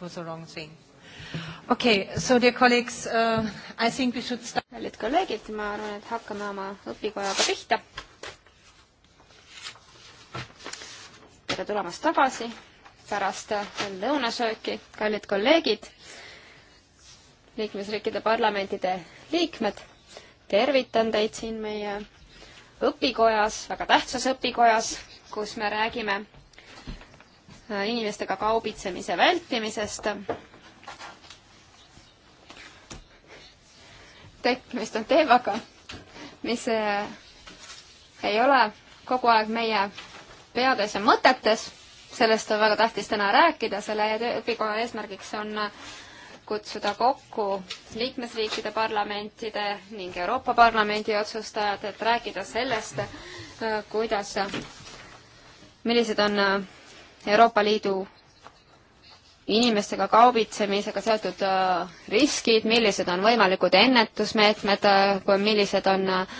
it was the wrong thing. Okei okay,, so dear colleagues uh,, I think we should start. kallid kolleegid, ma arvan, et hakkame oma õpikojaga pihta. tere tulemast tagasi pärast lõunasööki, kallid kolleegid, liikmesriikide parlamentide liikmed. tervitan teid siin meie õpikojas, väga tähtsas õpikojas, kus me räägime inimestega kaubitsemise vältimisest. tegemist on teemaga, mis eh, ei ole kogu aeg meie peades ja mõtetes, sellest on väga tähtis täna rääkida, selle õpikoja eesmärgiks on kutsuda kokku liikmesriikide parlamentide ning Euroopa Parlamendi otsustajad, et rääkida sellest, eh, kuidas, millised on eh, Euroopa Liidu inimestega kaubitsemisega seotud äh, riskid, millised on võimalikud ennetusmeetmed, äh, millised on äh,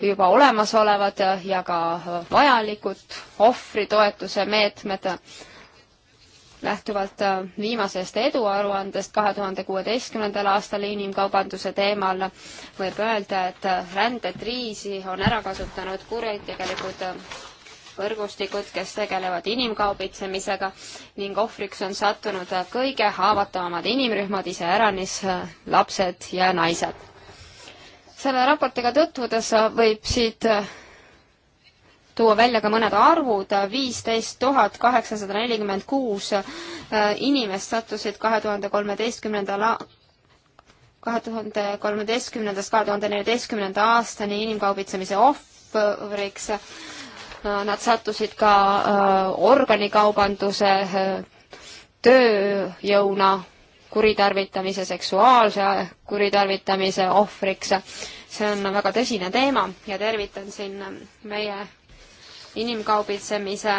juba olemasolevad ja ka vajalikud ohvritoetuse meetmed. lähtuvalt viimasest eduaruandest kahe tuhande kuueteistkümnendal aastal inimkaubanduse teemal võib öelda, et rändetriisi on ära kasutanud kuritegelikud võrgustikud, kes tegelevad inimkaubitsemisega ning ohvriks on sattunud kõige haavatavamad inimrühmad, iseäranis lapsed ja naised. selle raportiga tutvudes võib siit tuua välja ka mõned arvud, viisteist tuhat kaheksasada nelikümmend kuus äh, inimest sattusid kahe tuhande kolmeteistkümnendal kahe tuhande kolmeteistkümnendast kahe tuhande neljateistkümnenda aastani inimkaubitsemise ohvriks Nad sattusid ka äh, organikaubanduse äh, tööjõuna kuritarvitamise, seksuaalse kuritarvitamise ohvriks. see on väga tõsine teema ja tervitan siin meie inimkaubitsemise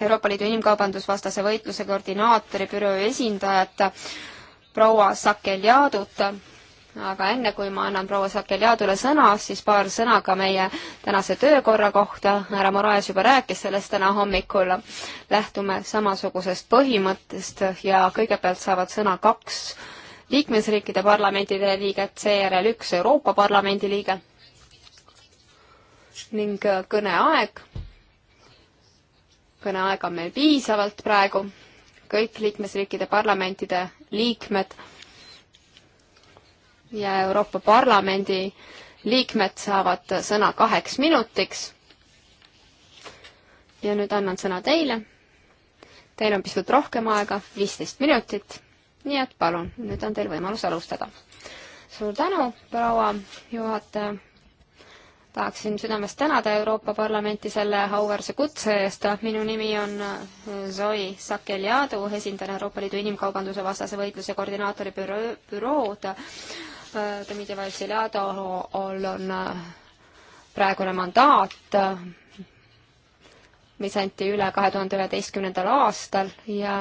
Euroopa Liidu inimkaubandusvastase võitluse koordinaatori büroo esindajat proua Sakel Jaadut, aga enne kui ma annan proua Sakeljadule sõna, siis paar sõna ka meie tänase töökorra kohta. härra Moraes juba rääkis sellest täna hommikul. lähtume samasugusest põhimõttest ja kõigepealt saavad sõna kaks liikmesriikide parlamentide liiget, seejärel üks Euroopa Parlamendi liige ning kõneaeg. kõneaega on meil piisavalt praegu, kõik liikmesriikide parlamentide liikmed ja Euroopa Parlamendi liikmed saavad sõna kaheks minutiks. ja nüüd annan sõna teile. Teil on pisut rohkem aega, viisteist minutit. nii et palun, nüüd on teil võimalus alustada. suur tänu, proua juhataja. tahaksin südamest tänada Euroopa Parlamenti selle auväärse kutse eest. minu nimi on äh, Zoe Sakeljadu, esindan Euroopa Liidu inimkaubanduse vastase võitluse koordinaatori büroo, bürood Dmitri Vassiljadovul on äh, praegune mandaat, äh, mis anti üle kahe tuhande üheteistkümnendal aastal ja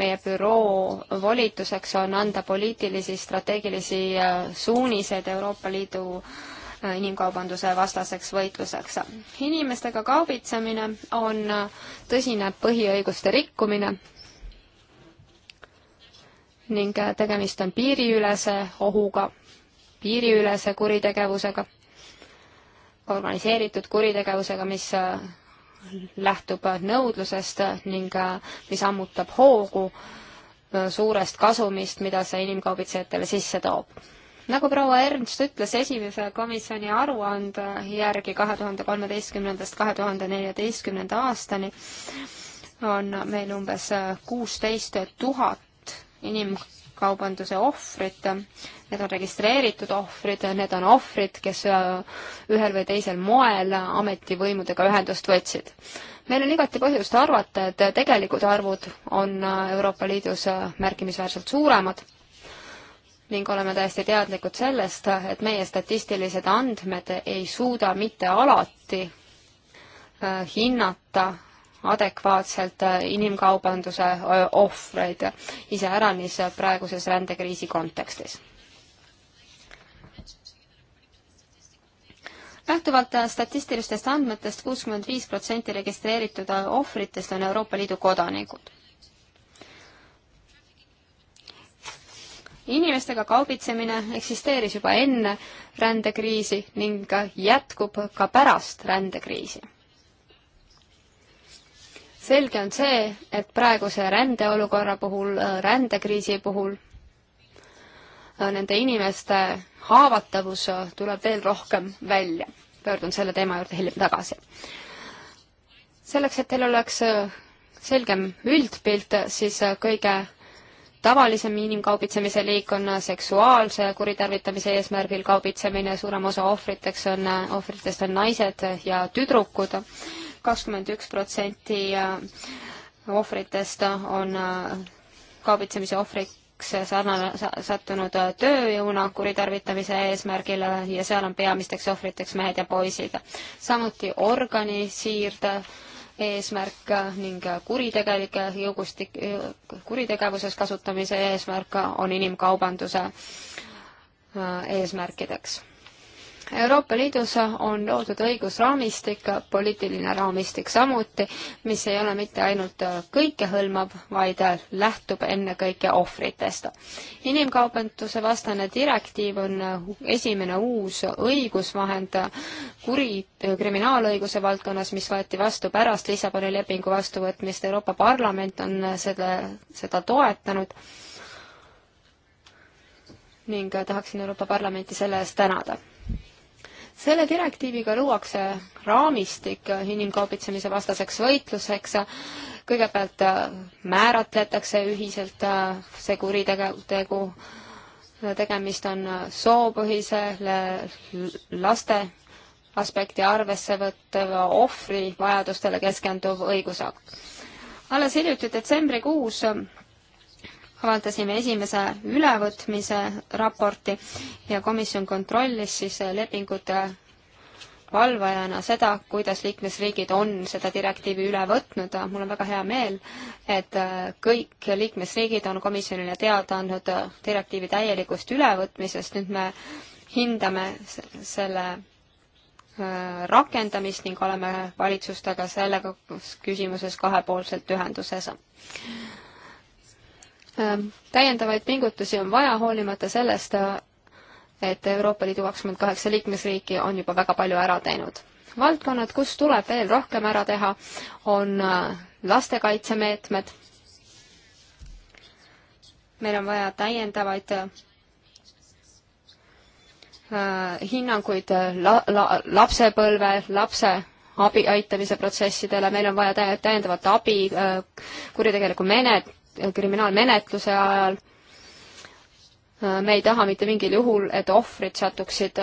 meie büroo volituseks on anda poliitilisi strateegilisi äh, suuniseid Euroopa Liidu inimkaubanduse vastaseks võitluseks. inimestega kaubitsemine on tõsine põhiõiguste rikkumine ning äh, tegemist on piiriülese ohuga, piiriülese kuritegevusega, organiseeritud kuritegevusega, mis äh, lähtub äh, nõudlusest ning mis ammutab hoogu suurest kasumist, mida see inimkaubitsejatele sisse toob. nagu proua Ernst ütles, esimese komisjoni aruande järgi kahe tuhande kolmeteistkümnendast kahe tuhande neljateistkümnenda aastani on meil umbes kuusteist tuhat inimkaubanduse ohvrit, need on registreeritud ohvrid, need on ohvrid, kes äh, ühel või teisel moel ametivõimudega ühendust võtsid. meil on igati põhjust arvata, et tegelikud arvud on äh, Euroopa Liidus äh, märkimisväärselt suuremad ning oleme täiesti teadlikud sellest, et meie statistilised andmed ei suuda mitte alati hinnata adekvaatselt äh, inimkaubanduse äh, ohvreid, iseäranis äh, praeguses rändekriisi kontekstis. lähtuvalt statistilistest andmetest kuuskümmend viis protsenti registreeritud ohvritest on Euroopa Liidu kodanikud inimestega kaubitsemine eksisteeris juba enne rändekriisi ning jätkub ka pärast rändekriisi selge on see, et praeguse rändeolukorra puhul, äh, rändekriisi puhul äh, nende inimeste haavatavus äh, tuleb veel rohkem välja. pöördun selle teema juurde hiljem tagasi. selleks, et teil oleks selgem üldpilt, siis kõige tavalisem inimkaubitsemise liik on seksuaalse kuritarvitamise eesmärgil kaubitsemine, suurem osa ohvriteks on, ohvritest on naised ja tüdrukud kakskümmend üks protsenti ohvritest on äh, kaubitsemise ohvriks sarnane, sattunud äh, tööjõuna kuritarvitamise eesmärgil ja seal on peamisteks ohvriteks mehed ja poisid. samuti organisiirde eesmärk ning kuritegelike jõugustik, kuritegevuses kasutamise eesmärk on inimkaubanduse äh, eesmärkideks Euroopa Liidus on loodud õigusraamistik, poliitiline raamistik samuti, mis ei ole mitte ainult kõikehõlmav, vaid lähtub ennekõike ohvritest. inimkaubanduse vastane direktiiv on esimene uus õigusvahend kuri, kriminaalõiguse valdkonnas, mis võeti vastu pärast Lissaboni lepingu vastuvõtmist, Euroopa Parlament on selle, seda toetanud ning tahaksin Euroopa Parlamenti selle eest tänada selle direktiiviga luuakse raamistik inimkaubitsemise vastaseks võitluseks, kõigepealt äh, määratletakse ühiselt äh, see kuritegu, tegemist on äh, soopõhise laste aspekti arvesse võttev ohvri vajadustele keskenduv õigusakt. alles hiljuti detsembrikuus avaldasime esimese ülevõtmise raporti ja komisjon kontrollis siis lepingute valvajana seda, kuidas liikmesriigid on seda direktiivi üle võtnud. mul on väga hea meel, et kõik liikmesriigid on komisjonile teada andnud direktiivi täielikust ülevõtmisest. nüüd me hindame selle äh, rakendamist ning oleme valitsustega selles küsimuses kahepoolselt ühenduses. Ähm, täiendavaid pingutusi on vaja, hoolimata sellest, äh, et Euroopa Liidu kakskümmend kaheksa liikmesriiki on juba väga palju ära teinud. valdkonnad, kus tuleb veel rohkem ära teha, on äh, lastekaitsemeetmed. meil on vaja täiendavaid äh, hinnanguid la, la, lapsepõlve, lapse abi aitamise protsessidele, meil on vaja täiendavat abi kuritegeliku menet-, kriminaalmenetluse ajal. me ei taha mitte mingil juhul, et ohvrid satuksid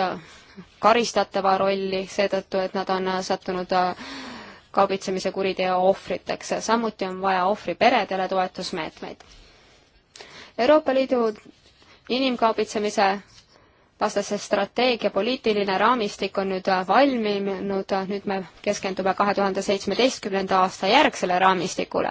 karistatava rolli seetõttu, et nad on sattunud kaubitsemise kuriteo ohvriteks. samuti on vaja ohvri peredele toetusmeetmeid. Euroopa Liidu inimkaubitsemise vastase strateegia poliitiline raamistik on nüüd valminud, nüüd me keskendume kahe tuhande seitsmeteistkümnenda aasta järgsele raamistikule.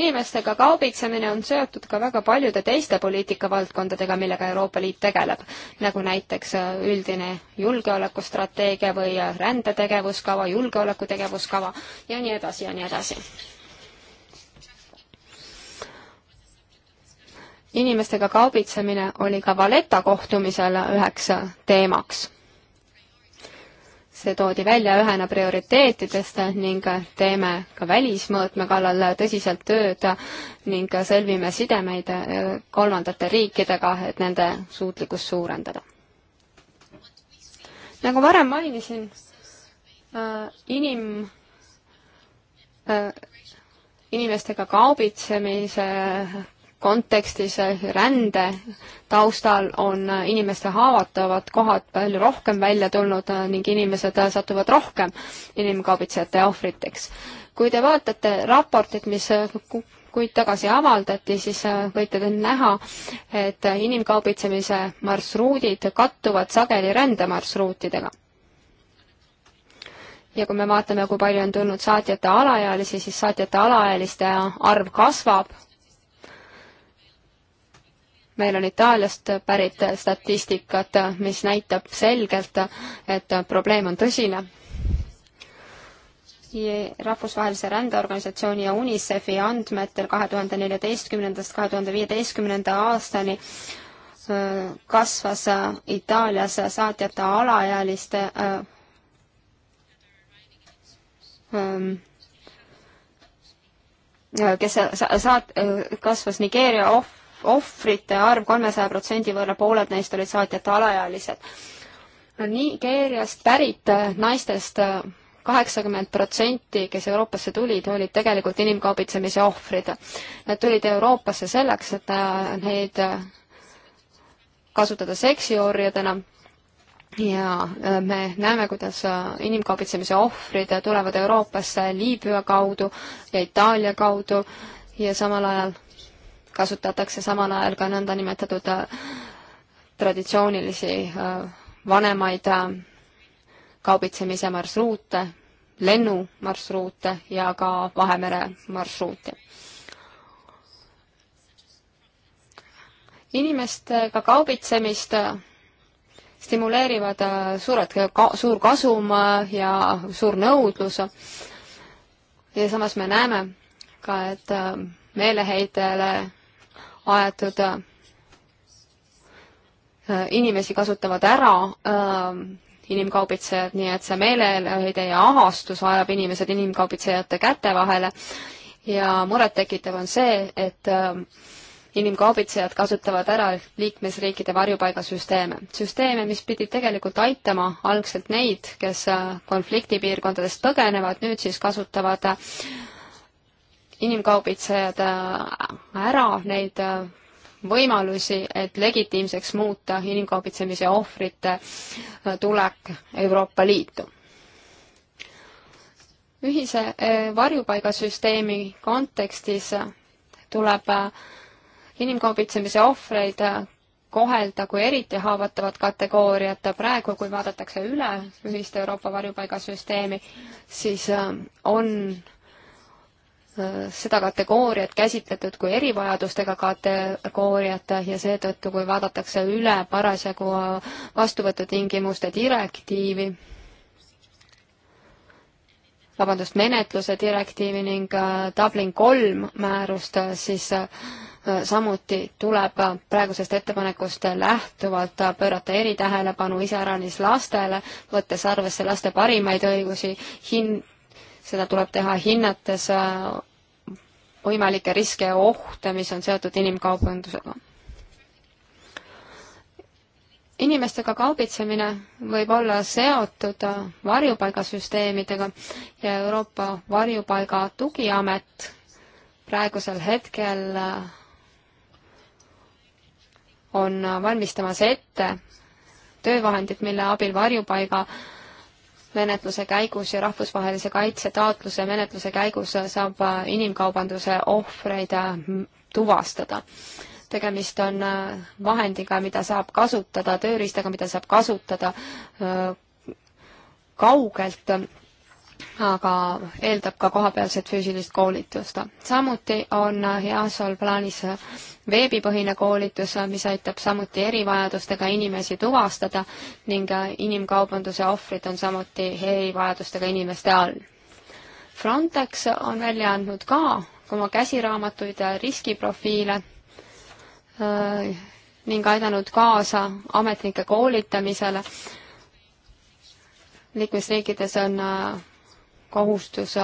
inimestega kaubitsemine on seotud ka väga paljude teiste poliitikavaldkondadega, millega Euroopa Liit tegeleb, nagu näiteks äh, üldine julgeolekustrateegia või äh, rändetegevuskava, julgeoleku tegevuskava ja nii edasi ja nii edasi inimestega kaubitsemine oli ka Valeta kohtumisel üheks teemaks. see toodi välja ühena prioriteetidest ning teeme ka välismõõtme kallal tõsiselt tööd ning sõlmime sidemeid eh, kolmandate riikidega, et nende suutlikkust suurendada. nagu varem mainisin, äh, inim äh, inimestega kaubitsemise kontekstis, eh, rände taustal on eh, inimeste haavatavad kohad palju rohkem välja tulnud eh, ning inimesed satuvad rohkem inimkaubitsejate ohvriteks. kui te vaatate raportit, mis kuid tagasi avaldati, siis võite te näha, et inimkaubitsemise marsruudid kattuvad sageli rändemarsruutidega ja kui me vaatame, kui palju on tulnud saatjate alaealisi, siis saatjate alaealiste arv kasvab meil on Itaaliast pärit statistikat, mis näitab selgelt, et probleem on tõsine. rahvusvahelise rändeorganisatsiooni ja UNICEF-i andmetel kahe tuhande neljateistkümnendast kahe tuhande viieteistkümnenda aastani kasvas Itaalias saatjate alaealiste kes saat-, kasvas Nigeeria ohv-, ohvrite arv kolmesaja protsendi võrra, pooled neist olid saatjate alaealised. Nigeeriast pärit naistest kaheksakümmend protsenti, kes Euroopasse tulid, olid tegelikult inimkaubitsemise ohvrid. Nad tulid Euroopasse selleks, et äh, neid äh, kasutada seksiorjadena ja äh, me näeme, kuidas inimkaubitsemise ohvrid tulevad Euroopasse Liibüa kaudu ja Itaalia kaudu ja samal ajal kasutatakse samal ajal ka nõndanimetatud äh, traditsioonilisi äh, vanemaid äh, kaubitsemise marsruute, lennumarsruute ja ka Vahemere marsruute. inimestega kaubitsemist stimuleerivad suured ka,, suur kasum ja suur nõudlus. ja samas me näeme ka, et meeleheitele aetud. Äh, inimesi kasutavad ära äh, inimkaubitsejad, nii et see meeleheide ja ahastus ajab inimesed inimkaubitsejate käte vahele ja murettekitav on see, et äh, inimkaubitsejad kasutavad ära liikmesriikide varjupaigasüsteeme. süsteeme, mis pidid tegelikult aitama algselt neid, kes konfliktipiirkondadest põgenevad, nüüd siis kasutavad inimkaubitsejad äh, ära neid äh, võimalusi, et legitiimseks muuta inimkaubitsemise ohvrite äh, tulek Euroopa Liitu. ühise varjupaigasüsteemi kontekstis tuleb inimkaubitsemise ohvreid kohelda kui eriti haavatavat kategooriat. praegu, kui vaadatakse üle ühist Euroopa varjupaigasüsteemi, siis on seda kategooriat käsitletud kui erivajadustega kategooriat ja seetõttu, kui vaadatakse üle parasjagu vastuvõtutingimuste direktiivi, vabandust, menetluse direktiivi ning äh, Dublin kolm määrust, äh, siis äh, samuti tuleb praegusest ettepanekust lähtuvalt pöörata eritähelepanu iseäranis lastele, võttes arvesse laste parimaid õigusi, hin-, seda tuleb teha hinnates võimalikke riske ja ohte, mis on seotud inimkaubandusega. inimestega kaubitsemine võib olla seotud varjupaigasüsteemidega ja Euroopa Varjupaiga Tugiamet praegusel hetkel on valmistamas ette töövahendid, mille abil varjupaiga äh, menetluse käigus ja rahvusvahelise kaitse taotluse menetluse käigus saab äh, inimkaubanduse ohvreid äh, tuvastada. tegemist on äh, vahendiga, mida saab kasutada, tööriistaga, mida saab kasutada kaugelt aga eeldab ka kohapealset füüsilist koolitust. samuti on EASO-l plaanis veebipõhine koolitus, mis aitab samuti erivajadustega inimesi tuvastada ning inimkaubanduse ohvrid on samuti erivajadustega inimeste all. Frontex on välja andnud ka oma käsiraamatuid ja riskiprofiile äh, ning aidanud kaasa ametnike koolitamisele. liikmesriikides on äh, kohustus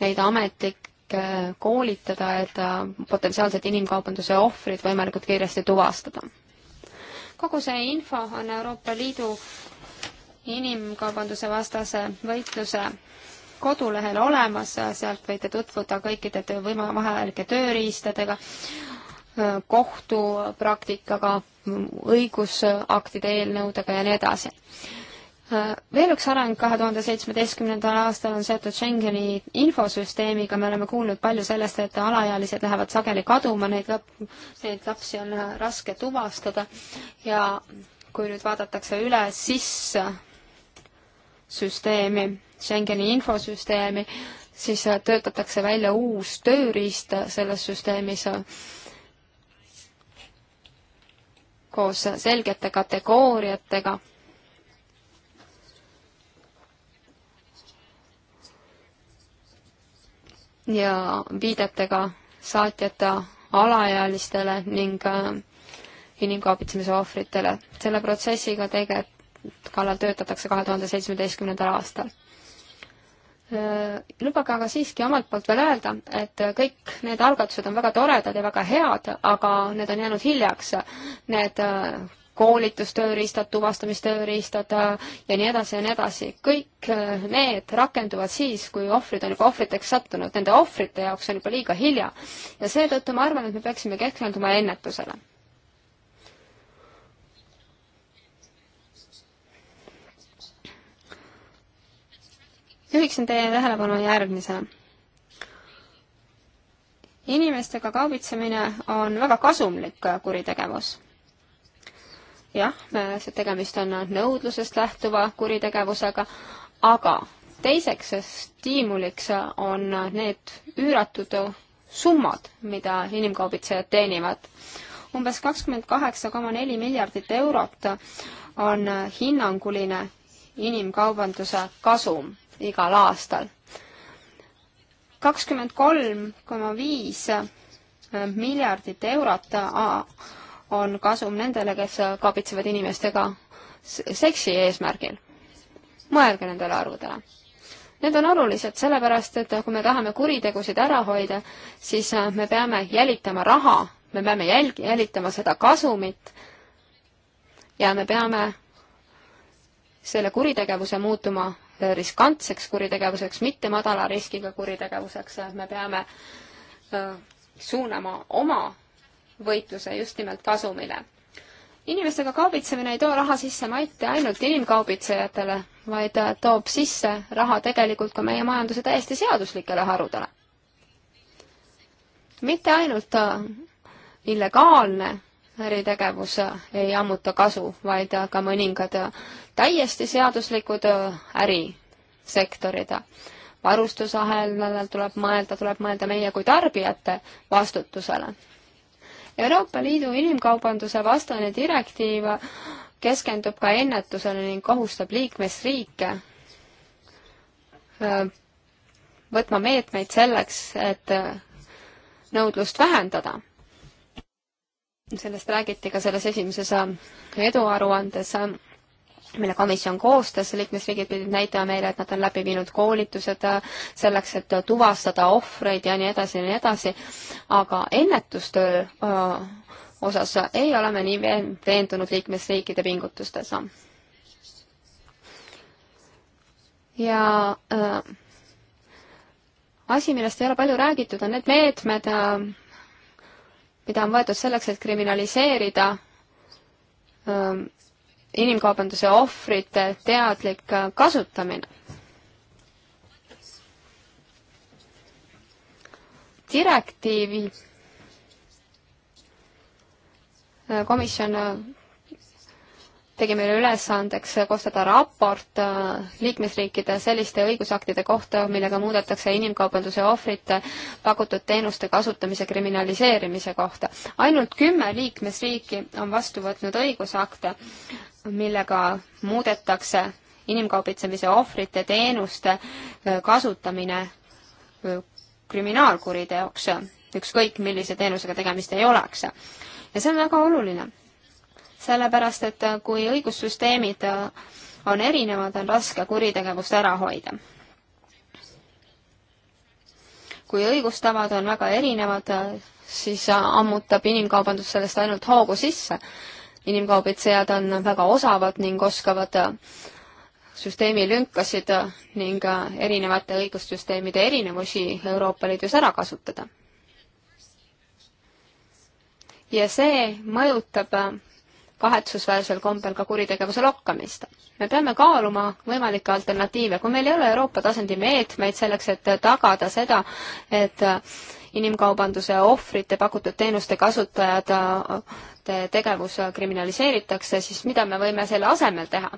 neid ametnikke koolitada, et potentsiaalsed inimkaubanduse ohvrid võimalikult kiiresti tuvastada. kogu see info on Euroopa Liidu inimkaubanduse vastase võitluse kodulehel olemas, sealt võite tutvuda kõikide töö, võimalike tööriistadega, kohtupraktikaga, õigusaktide eelnõudega ja nii edasi veel üks areng kahe tuhande seitsmeteistkümnendal aastal on seotud Schengeni infosüsteemiga, me oleme kuulnud palju sellest, et alaealised lähevad sageli kaduma, neid lap-, neid lapsi on raske tuvastada ja kui nüüd vaadatakse üle sisse süsteemi, Schengeni infosüsteemi, siis töötatakse välja uus tööriist selles süsteemis koos selgete kategooriatega ja viidetega saatjate alaealistele ning äh, inimkaubitsemise ohvritele. selle protsessiga tege-, kallal töötatakse kahe tuhande seitsmeteistkümnendal aastal. Äh, lubage aga siiski omalt poolt veel öelda, et kõik need algatused on väga toredad ja väga head, aga need on jäänud hiljaks. Need äh, koolitustööriistad, tuvastamistööriistad äh, ja nii edasi ja nii edasi. kõik äh, need rakenduvad siis, kui ohvrid on juba ohvriteks sattunud, nende ohvrite jaoks on juba liiga hilja. ja seetõttu ma arvan, et me peaksime keskenduma ennetusele. juhiksin teie tähelepanu järgmisele inimestega kaubitsemine on väga kasumlik kuritegevus jah, tegemist on nõudlusest lähtuva kuritegevusega, aga teiseks stiimuliks on need üüratud summad, mida inimkaubitsejad teenivad. umbes kakskümmend kaheksa koma neli miljardit eurot on hinnanguline inimkaubanduse kasum igal aastal. kakskümmend kolm koma viis miljardit eurot on kasum nendele, kes kaabitsevad inimestega seksi eesmärgil. mõelge nendele arvudele. Need on olulised sellepärast, et kui me tahame kuritegusid ära hoida, siis äh, me peame jälitama raha, me peame jälg-, jälitama seda kasumit ja me peame selle kuritegevuse muutuma äh, riskantseks kuritegevuseks, mitte madala riskiga kuritegevuseks, me peame äh, suunama oma võitluse just nimelt kasumile. inimestega kaubitsemine ei too raha sisse mitte ainult inimkaubitsejatele, vaid toob sisse raha tegelikult ka meie majanduse täiesti seaduslikele harudele. mitte ainult äh, illegaalne äritegevus äh, ei ammuta kasu, vaid ka mõningad äh, täiesti seaduslikud ärisektorid. varustusahelale tuleb mõelda, tuleb mõelda meie kui tarbijate vastutusele Euroopa Liidu inimkaubanduse vastane direktiiv keskendub ka ennetusele ning kohustab liikmesriike äh, võtma meetmeid selleks, et äh, nõudlust vähendada. sellest räägiti ka selles esimeses äh, eduaruandes mille komisjon koostas, liikmesriigid pidid näitama meile, et nad on läbi viinud koolitused äh, selleks, et äh, tuvastada ohvreid ja nii edasi ja nii edasi, aga ennetustöö äh, osas ei ole me nii veendunud liikmesriikide pingutustes. ja äh, asi, millest ei ole palju räägitud, on need meetmed äh,, mida on võetud selleks, et kriminaliseerida äh, inimkaubanduse ohvrite teadlik kasutamine. direktiivi komisjon tegi meile ülesandeks koostada raport liikmesriikide selliste õigusaktide kohta, millega muudetakse inimkaubanduse ohvrite pakutud teenuste kasutamise kriminaliseerimise kohta. ainult kümme liikmesriiki on vastu võtnud õigusakte millega muudetakse inimkaubitsemise ohvrite teenuste äh, kasutamine äh, kriminaalkuriteoks, ükskõik millise teenusega tegemist ei oleks. ja see on väga oluline. sellepärast, et äh, kui õigussüsteemid on erinevad, on raske kuritegevust ära hoida. kui õigustavad on väga erinevad, siis ammutab inimkaubandus sellest ainult hoogu sisse inimkaubitsejad on väga osavad ning oskavad äh, süsteemi lünkasid äh, ning äh, erinevate õigussüsteemide erinevusi Euroopa Liidus ära kasutada. ja see mõjutab kahetsusväärsel kombel ka kuritegevuse lokkamist. me peame kaaluma võimalikke alternatiive, kui meil ei ole Euroopa tasandi meetmeid selleks, et tagada seda, et äh, inimkaubanduse ohvrite pakutud teenuste kasutajate tegevus kriminaliseeritakse, siis mida me võime selle asemel teha?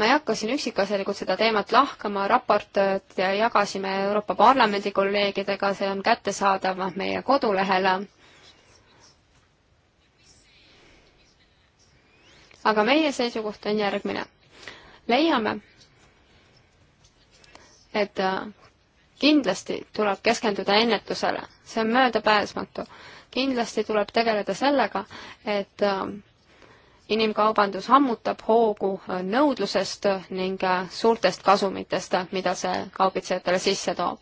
ma ei hakka siin üksikasjalikult seda teemat lahkama, raportööd jagasime Euroopa Parlamendi kolleegidega, see on kättesaadav meie kodulehel aga meie seisukoht on järgmine. leiame, et kindlasti tuleb keskenduda ennetusele, see on möödapääsmatu. kindlasti tuleb tegeleda sellega, et äh, inimkaubandus hammutab hoogu äh, nõudlusest ning äh, suurtest kasumitest, mida see kaubitsejatele sisse toob.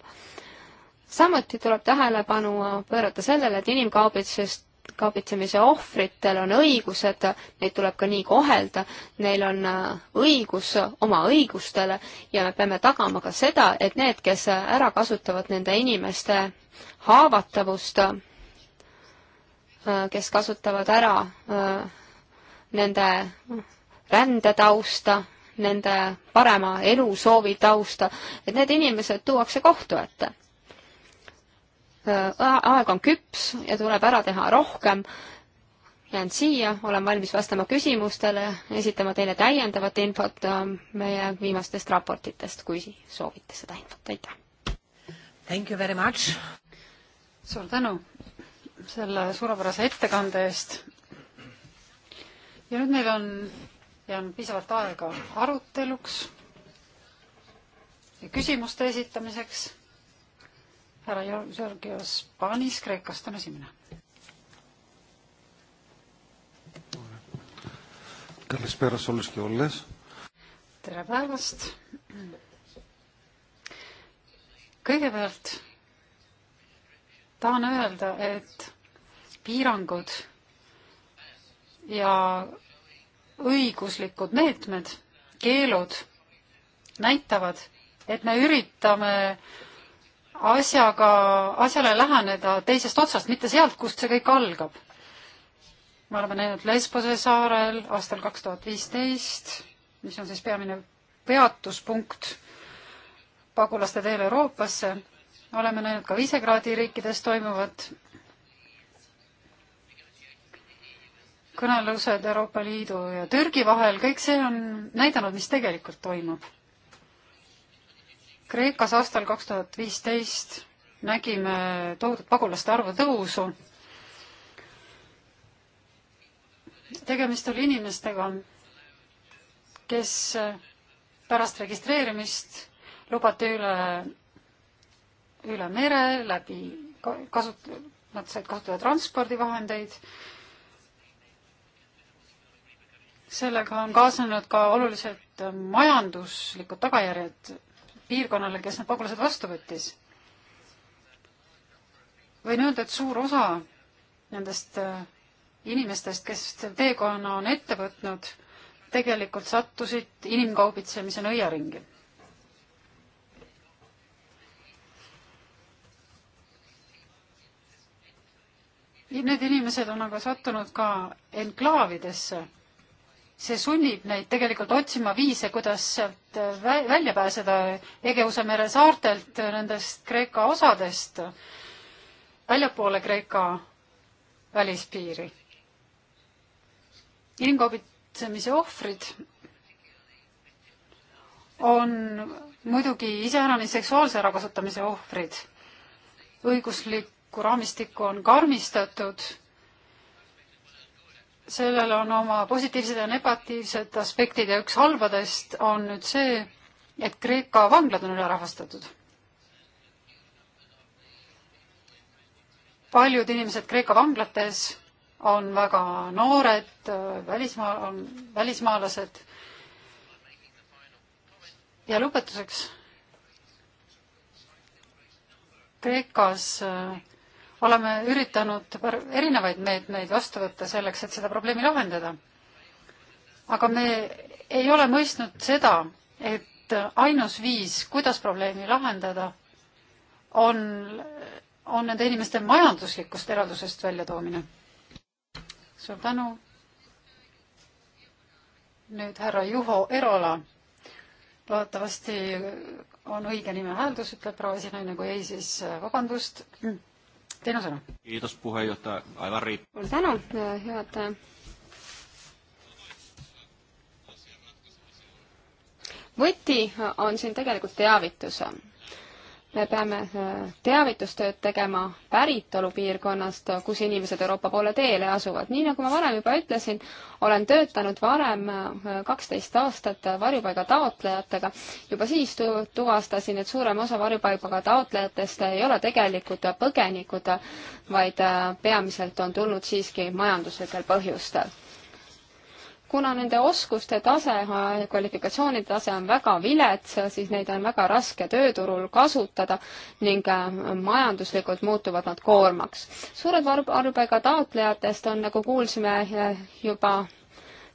samuti tuleb tähelepanu pöörata sellele, et inimkaubitsust kaubitsemise ohvritel on õigused, neid tuleb ka nii kohelda, neil on äh, õigus oma õigustele ja me peame tagama ka seda, et need, kes ära kasutavad nende inimeste haavatavust, äh, kes kasutavad ära äh, nende rändetausta, nende parema elusoovi tausta, et need inimesed tuuakse kohtu ette Äh, aeg on küps ja tuleb ära teha rohkem. jään siia, olen valmis vastama küsimustele, esitama teile täiendavat infot ähm, meie viimastest raportitest, kui soovite seda infot, aitäh! Thank you very much! suur tänu selle suurepärase ettekande eest. ja nüüd meil on jäänud piisavalt aega aruteluks ja küsimuste esitamiseks härra Georgios Panis Kreekast on esimene. tere päevast. kõigepealt tahan öelda, et piirangud ja õiguslikud meetmed, keelud näitavad, et me üritame äh, asjaga, asjale läheneda teisest otsast, mitte sealt, kust see kõik algab. me oleme näinud Lesbose saarel aastal kaks tuhat viisteist, mis on siis peamine peatuspunkt pagulaste teel Euroopasse. oleme näinud ka Visegradi riikides toimuvat kõnelused Euroopa Liidu ja Türgi vahel, kõik see on näidanud, mis tegelikult toimub Kreekas aastal kaks tuhat viisteist nägime tohutut pagulaste arvu tõusu. tegemist oli inimestega, kes pärast registreerimist lubati üle, üle mere läbi kasut-, nad said kasutada transpordivahendeid. sellega on kaasnenud ka olulised majanduslikud tagajärjed piirkonnale, kes need pagulased vastu võttis. võin öelda, et suur osa nendest äh, inimestest, kes teekonna on ette võtnud, tegelikult sattusid inimkaubitsemise nõiaringi. Need inimesed on aga sattunud ka enklaavidesse see sunnib neid tegelikult otsima viise, kuidas sealt välja pääseda Egeuse mere saartelt, nendest Kreeka osadest, väljapoole Kreeka välispiiri. inimkaubitsemise ohvrid on muidugi iseäranis seksuaalse ärakasutamise ohvrid. õiguslikku raamistikku on karmistatud sellel on oma positiivsed ja negatiivsed aspektid ja üks halbadest on nüüd see, et Kreeka vanglad on ülerahvastatud. paljud inimesed Kreeka vanglates on väga noored, välismaa, välismaalased. ja lõpetuseks. Kreekas äh, oleme üritanud erinevaid meetmeid vastu võtta selleks, et seda probleemi lahendada. aga me ei ole mõistnud seda, et ainus viis, kuidas probleemi lahendada, on, on nende inimeste majanduslikust eraldusest väljatoomine. suur tänu. nüüd härra Juho Erola. loodetavasti on õige nime hääldus, ütleb proua esinaine, kui ei, siis vabandust Teil on sõna. kiitos, puhejuhataja Aivar Riit. suur tänu, juhataja. võti on siin tegelikult teavitus me peame äh, teavitustööd tegema päritolupiirkonnast, kus inimesed Euroopa poole teele asuvad. nii nagu ma varem juba ütlesin, olen töötanud varem äh, kaksteist aastat varjupaiga taotlejatega. juba siis tu tuvastasin, et suurem osa varjupaiga taotlejatest ei ole tegelikult põgenikud, vaid äh, peamiselt on tulnud siiski majanduslikel põhjustel kuna nende oskuste tase, kvalifikatsioonide tase on väga vilets, siis neid on väga raske tööturul kasutada ning äh, majanduslikult muutuvad nad koormaks. suured varb-, arvega taotlejatest on, nagu kuulsime, äh, juba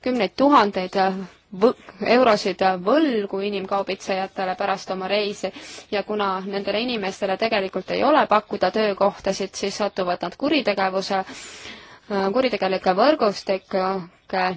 kümneid tuhandeid äh, võ-, eurosid võlgu inimkaubitsejatele pärast oma reisi ja kuna nendele inimestele tegelikult ei ole pakkuda töökohtasid, siis satuvad nad kuritegevuse kuritegelike võrgustik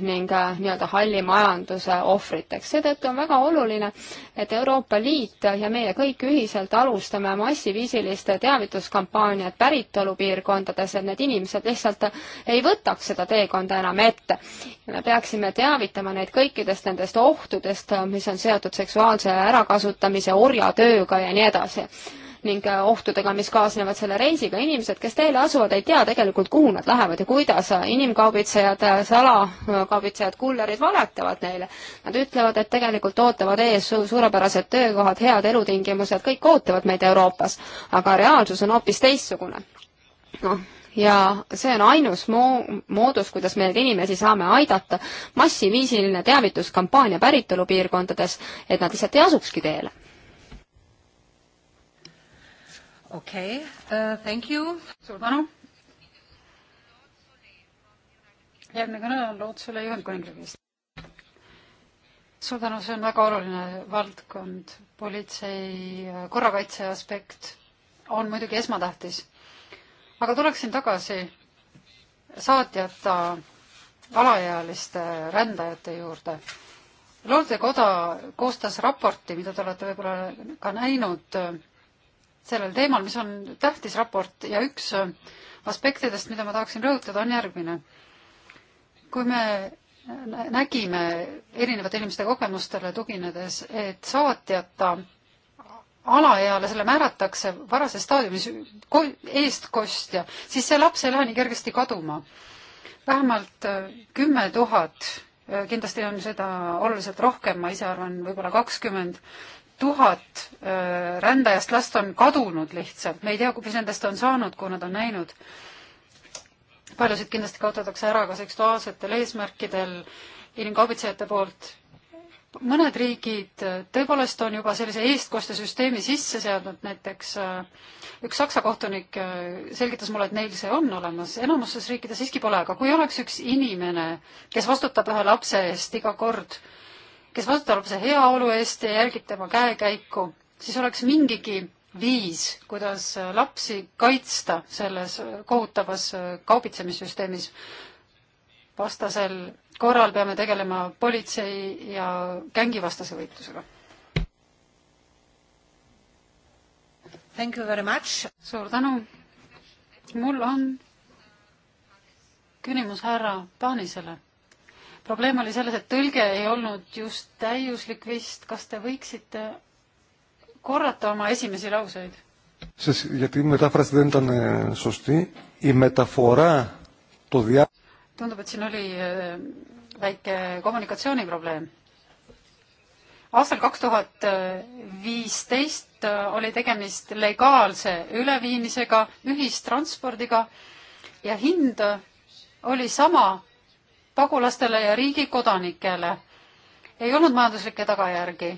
ning äh, nii-öelda halli majanduse ohvriteks. seetõttu on väga oluline, et Euroopa Liit ja meie kõik ühiselt alustame massiviisilist teavituskampaaniat päritolupiirkondades, et need inimesed lihtsalt ei võtaks seda teekonda enam ette. me peaksime teavitama neid kõikidest nendest ohtudest, mis on seotud seksuaalse ärakasutamise, orjatööga ja nii edasi ning äh, ohtudega, mis kaasnevad selle reisiga. inimesed, kes teele asuvad, ei tea tegelikult, kuhu nad lähevad ja kuidas. inimkaubitsejad, äh, salakaubitsejad, kullerid valetavad neile. Nad ütlevad, et tegelikult ootavad ees suurepärased töökohad, head elutingimused, kõik ootavad meid Euroopas. aga reaalsus on hoopis teistsugune. noh ja see on ainus moo-, moodus, kuidas me neid inimesi saame aidata, massiviisiline teavituskampaania päritolupiirkondades, et nad lihtsalt ei asukski teele okei okay. uh,, thank you. suur tänu. järgmine kõneleja on Lootsule Ühendkuningriigist. suur tänu, see on väga oluline valdkond. politsei äh, korrakaitse aspekt on muidugi esmatähtis. aga tuleksin tagasi saatjata alaealiste rändajate juurde. Loodekoda koostas raporti, mida te olete võib-olla ka näinud sellel teemal, mis on tähtis raport ja üks äh, aspektidest, mida ma tahaksin rõhutada, on järgmine. kui me nägime erinevate inimeste kogemustele tuginedes, et saatjata alaealisele määratakse varases staadiumis eestkostja, siis see laps ei lähe nii kergesti kaduma. vähemalt äh, kümme tuhat, äh, kindlasti on seda oluliselt rohkem, ma ise arvan, võib-olla kakskümmend tuhat äh, rändajast last on kadunud lihtsalt, me ei tea, mis nendest on saanud, kuhu nad on näinud. paljusid kindlasti kaotatakse ära ka seksuaalsetel eesmärkidel inimkaubitsejate poolt. mõned riigid äh, tõepoolest on juba sellise eestkostesüsteemi sisse seadnud, näiteks äh, üks Saksa kohtunik selgitas mulle, et neil see on olemas, enamuses riikides siiski pole, aga kui oleks üks inimene, kes vastutab ühe lapse eest iga kord, kes vastutab lapse heaolu eest ja jälgib tema käekäiku, siis oleks mingigi viis, kuidas äh, lapsi kaitsta selles äh, kohutavas äh, kaubitsemissüsteemis. vastasel korral peame tegelema politsei ja gängivastase võitlusega. Thank you very much. suur tänu. mul on küsimus härra Taanisele probleem oli selles, et tõlge ei olnud just täiuslik vist, kas te võiksite korrata oma esimesi lauseid? γιατί η μετάφραση δεν ήταν σωστή. Η μεταφορά το διά... Tundub, et siin oli väike kommunikatsiooniprobleem. Aastal 2015 äh, oli tegemist legaalse üleviimisega, ühistranspordiga ja hind oli sama pagulastele ja riigi kodanikele. ei olnud majanduslikke tagajärgi.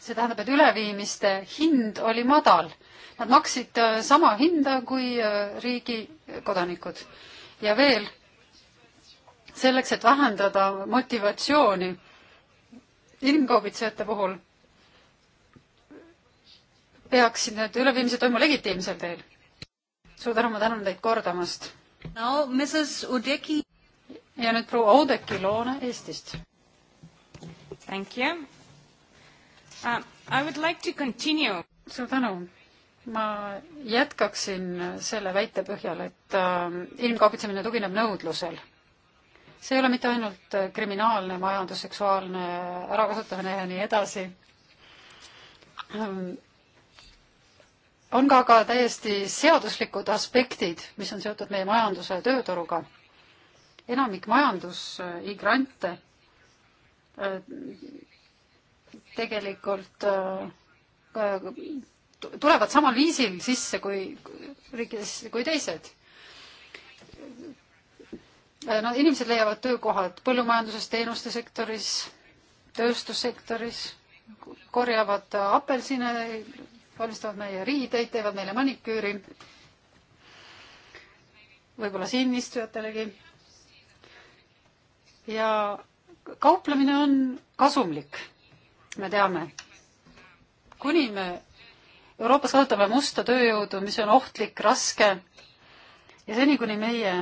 see tähendab, et üleviimiste hind oli madal. Nad maksid äh, sama hinda kui äh, riigi kodanikud. ja veel, selleks, et vähendada motivatsiooni inimkaubitsejate puhul, peaksid need üleviimised toimuma legitiimsel teel. suur tänu, ma tänan teid kordamast. no Mrs Udeki ja nüüd proua Oudekki Loone Eestist. Thank you uh,. I would like to continue. suur tänu. ma jätkaksin selle väite põhjal, et uh, inimkaubitsemine tugineb nõudlusel see ei ole mitte ainult kriminaalne, majandus, seksuaalne ärakasutamine ja nii edasi. Ähm, on ka aga täiesti seaduslikud aspektid, mis on seotud meie majanduse ja tööturuga enamik majandusigrante äh, tegelikult äh, äh, tulevad samal viisil sisse kui riikidesse, kui teised. no inimesed leiavad töökohad põllumajanduses, teenuste sektoris, tööstussektoris, korjavad apelsine, valmistavad meie riideid, teevad meile maniküüri, võib-olla siin istujatelegi ja kauplemine on kasumlik, me teame. kuni me Euroopas kasutame musta tööjõudu, mis on ohtlik, raske ja seni, kuni meie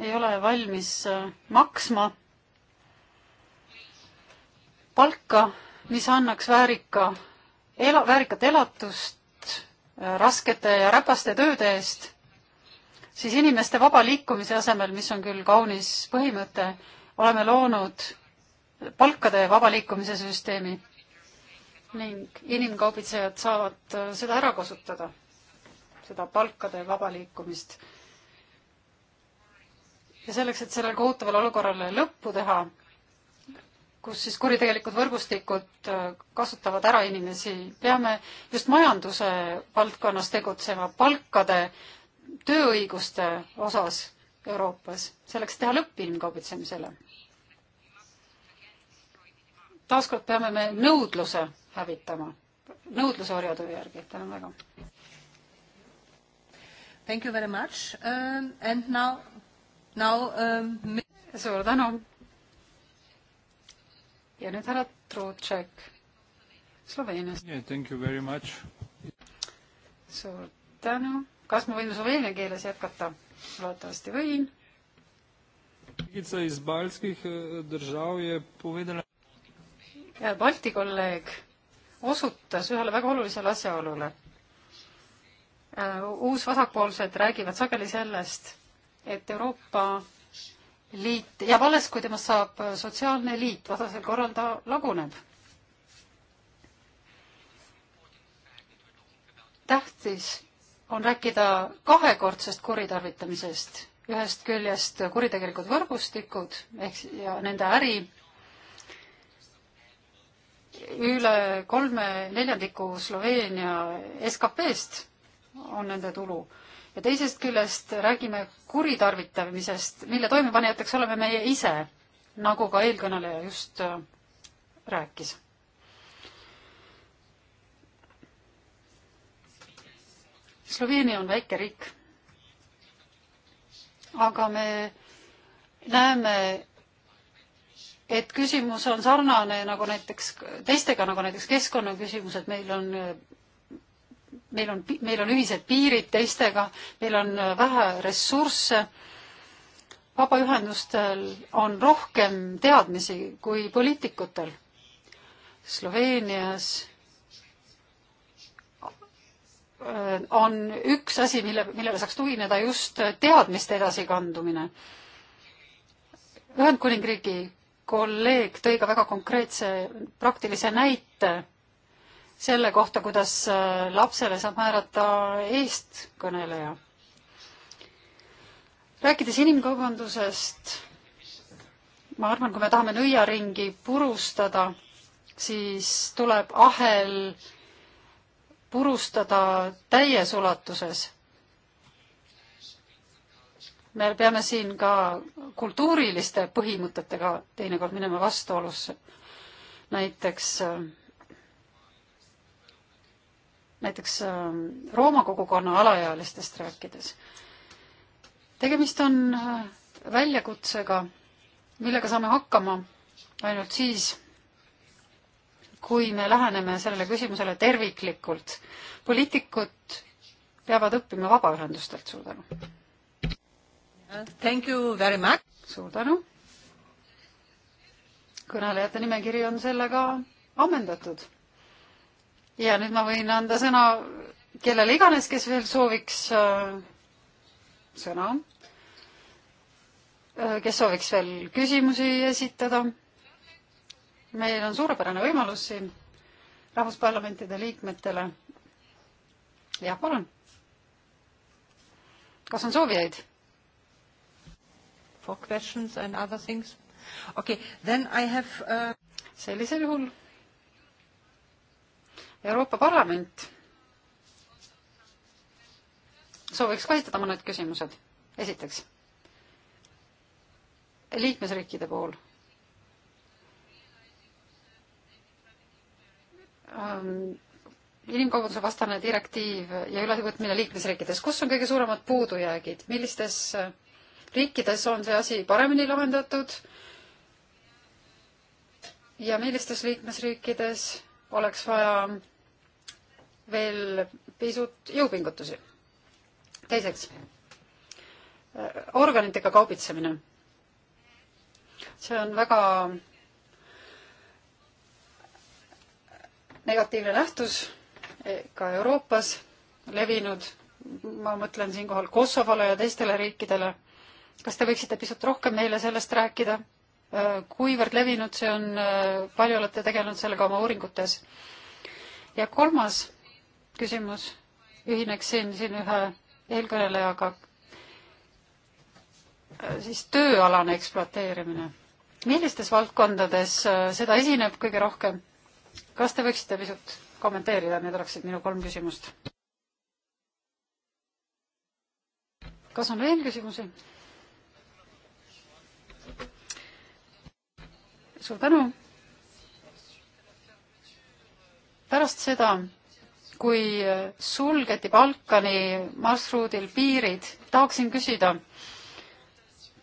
ei ole valmis äh, maksma palka, mis annaks väärika, ela, väärikat elatust äh, raskete ja räpaste tööde eest, siis inimeste vaba liikumise asemel, mis on küll kaunis põhimõte, oleme loonud palkade vaba liikumise süsteemi ning inimkaubitsejad saavad äh, seda ära kasutada, seda palkade vaba liikumist. ja selleks, et sellele kohutavale olukorrale lõppu teha, kus siis kuritegelikud võrgustikud äh, kasutavad ära inimesi, peame just majanduse valdkonnas tegutsema palkade, tööõiguste osas Euroopas, selleks teha lõpp inimkaubitsemisele taaskord peame me nõudluse hävitama, nõudluse orjatöö järgi, tänan väga. Thank you very much um, and now, now um... suur tänu. ja nüüd härra Trutšek Sloveeniast yeah,. Thank you very much. suur tänu. kas ma võin sloveenia keeles jätkata? loodetavasti võin. Kolegica iz balskih eh, držav je povedala Balti kolleeg osutas ühele väga olulisele asjaolule. Äh, uusvasakpoolsed räägivad sageli sellest, et Euroopa Liit jääb alles, kui temast saab sotsiaalne liit, vastasel korral ta laguneb. tähtis on rääkida kahekordsest kuritarvitamisest, ühest küljest kuritegelikud võrgustikud ehk ja nende äri üle kolme neljandiku Sloveenia SKP-st on nende tulu. ja teisest küljest räägime kuritarvitamisest, mille toimepanijateks oleme meie ise, nagu ka eelkõneleja just äh, rääkis. Sloveenia on väike riik. aga me näeme et küsimus on sarnane nagu näiteks teistega, nagu näiteks keskkonnaküsimused, meil on meil on, meil on ühised piirid teistega, meil on vähe ressursse. vabaühendustel on rohkem teadmisi kui poliitikutel. Sloveenias on üks asi, mille, millele saaks tugineda just teadmiste edasikandumine. Ühendkuningriigi kolleeg tõi ka väga konkreetse praktilise näite selle kohta, kuidas äh, lapsele saab määrata eestkõneleja. rääkides inimkaubandusest, ma arvan, kui me tahame nõiaringi purustada, siis tuleb ahel purustada täies ulatuses me peame siin ka kultuuriliste põhimõtetega teinekord minema vastuolusse. näiteks, äh, näiteks äh, Rooma kogukonna alaealistest rääkides. tegemist on äh, väljakutsega, millega saame hakkama ainult siis, kui me läheneme sellele küsimusele terviklikult. poliitikud peavad õppima vabaühendustelt, suur tänu. Thank you very much. suur tänu. kõnelejate nimekiri on sellega ammendatud. ja nüüd ma võin anda sõna kellele iganes, kes veel sooviks äh, sõna, äh, kes sooviks veel küsimusi esitada. meil on suurepärane võimalus siin rahvusparlamentide liikmetele. jah, palun. kas on soovijaid? for questions and other things? Okay, then I have uh... sellisel juhul Euroopa Parlament sooviks ka esitada mõned küsimused. esiteks, liikmesriikide puhul ähm, inimkaubanduse vastane direktiiv ja ülevõtmine liikmesriikides, kus on kõige suuremad puudujäägid, millistes äh, riikides on see asi paremini lahendatud ja millistes liikmesriikides oleks vaja veel pisut jõupingutusi. teiseks, organitega kaubitsemine. see on väga negatiivne nähtus e, ka Euroopas levinud, ma mõtlen siinkohal Kosovole ja teistele riikidele kas te võiksite pisut rohkem meile sellest rääkida? Äh, kuivõrd levinud see on, äh, palju olete tegelenud sellega oma uuringutes? ja kolmas küsimus, ühineksin siin ühe eelkõnelejaga, äh, siis tööalane ekspluateerimine. millistes valdkondades seda esineb kõige rohkem? kas te võiksite pisut kommenteerida, need oleksid minu kolm küsimust. kas on veel küsimusi? suur tänu. pärast seda, kui sulgeti Balkani marsruudil piirid, tahaksin küsida,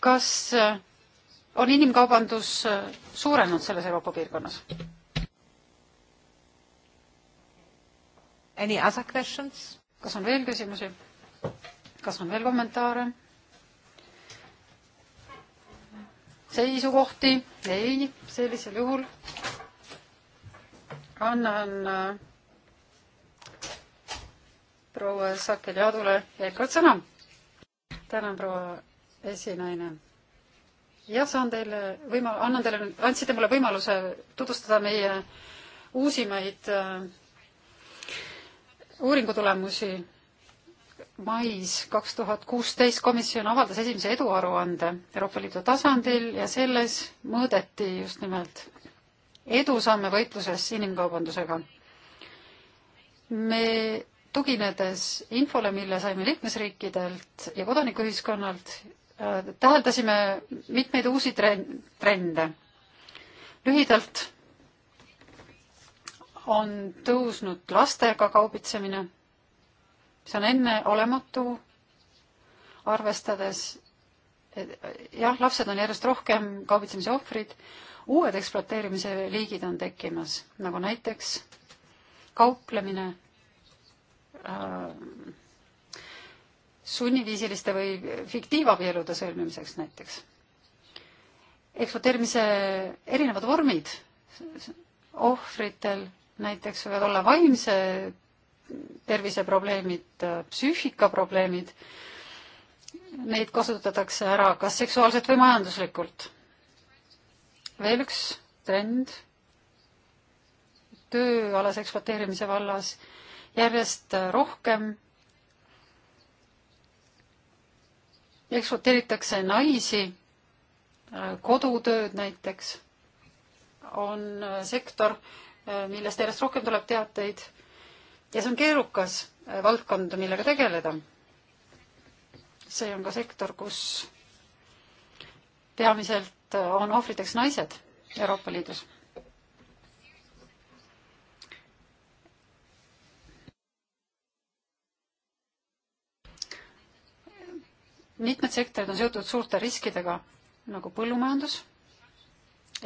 kas on inimkaubandus suurenenud selles Euroopa piirkonnas? kas on veel küsimusi? kas on veel kommentaare? seisukohti? ei, sellisel juhul annan äh, proua Sakel Jaadule veel kord sõna. tänan, proua esinaine. jah, saan teile võima-, annan teile, andsite mulle võimaluse tutvustada meie uusimaid äh, uuringutulemusi mais kaks tuhat kuusteist komisjon avaldas esimese eduaruande Euroopa Liidu tasandil ja selles mõõdeti just nimelt edusamme võitluses inimkaubandusega. me tuginedes infole, mille saime liikmesriikidelt ja kodanikuühiskonnalt, äh, täheldasime mitmeid uusi trende. lühidalt on tõusnud lastega kaubitsemine see on enneolematu, arvestades, et jah, lapsed on järjest rohkem kaubitsemise ohvrid, uued ekspluateerimise liigid on tekkimas, nagu näiteks kauplemine äh, sunniviisiliste või fiktiivabielude sõlmimiseks näiteks. ekspluateerimise erinevad vormid ohvritel näiteks võivad olla vaimsed terviseprobleemid, äh, psüühikaprobleemid, neid kasutatakse ära kas seksuaalselt või majanduslikult. veel üks trend tööalase ekspluateerimise vallas järjest rohkem ekspluateeritakse naisi, äh, kodutööd näiteks on äh, sektor, millest järjest rohkem tuleb teateid ja see on keerukas äh, valdkond, millega tegeleda. see on ka sektor, kus peamiselt äh, on ohvriteks naised Euroopa Liidus. mitmed sektorid on seotud suurte riskidega, nagu põllumajandus,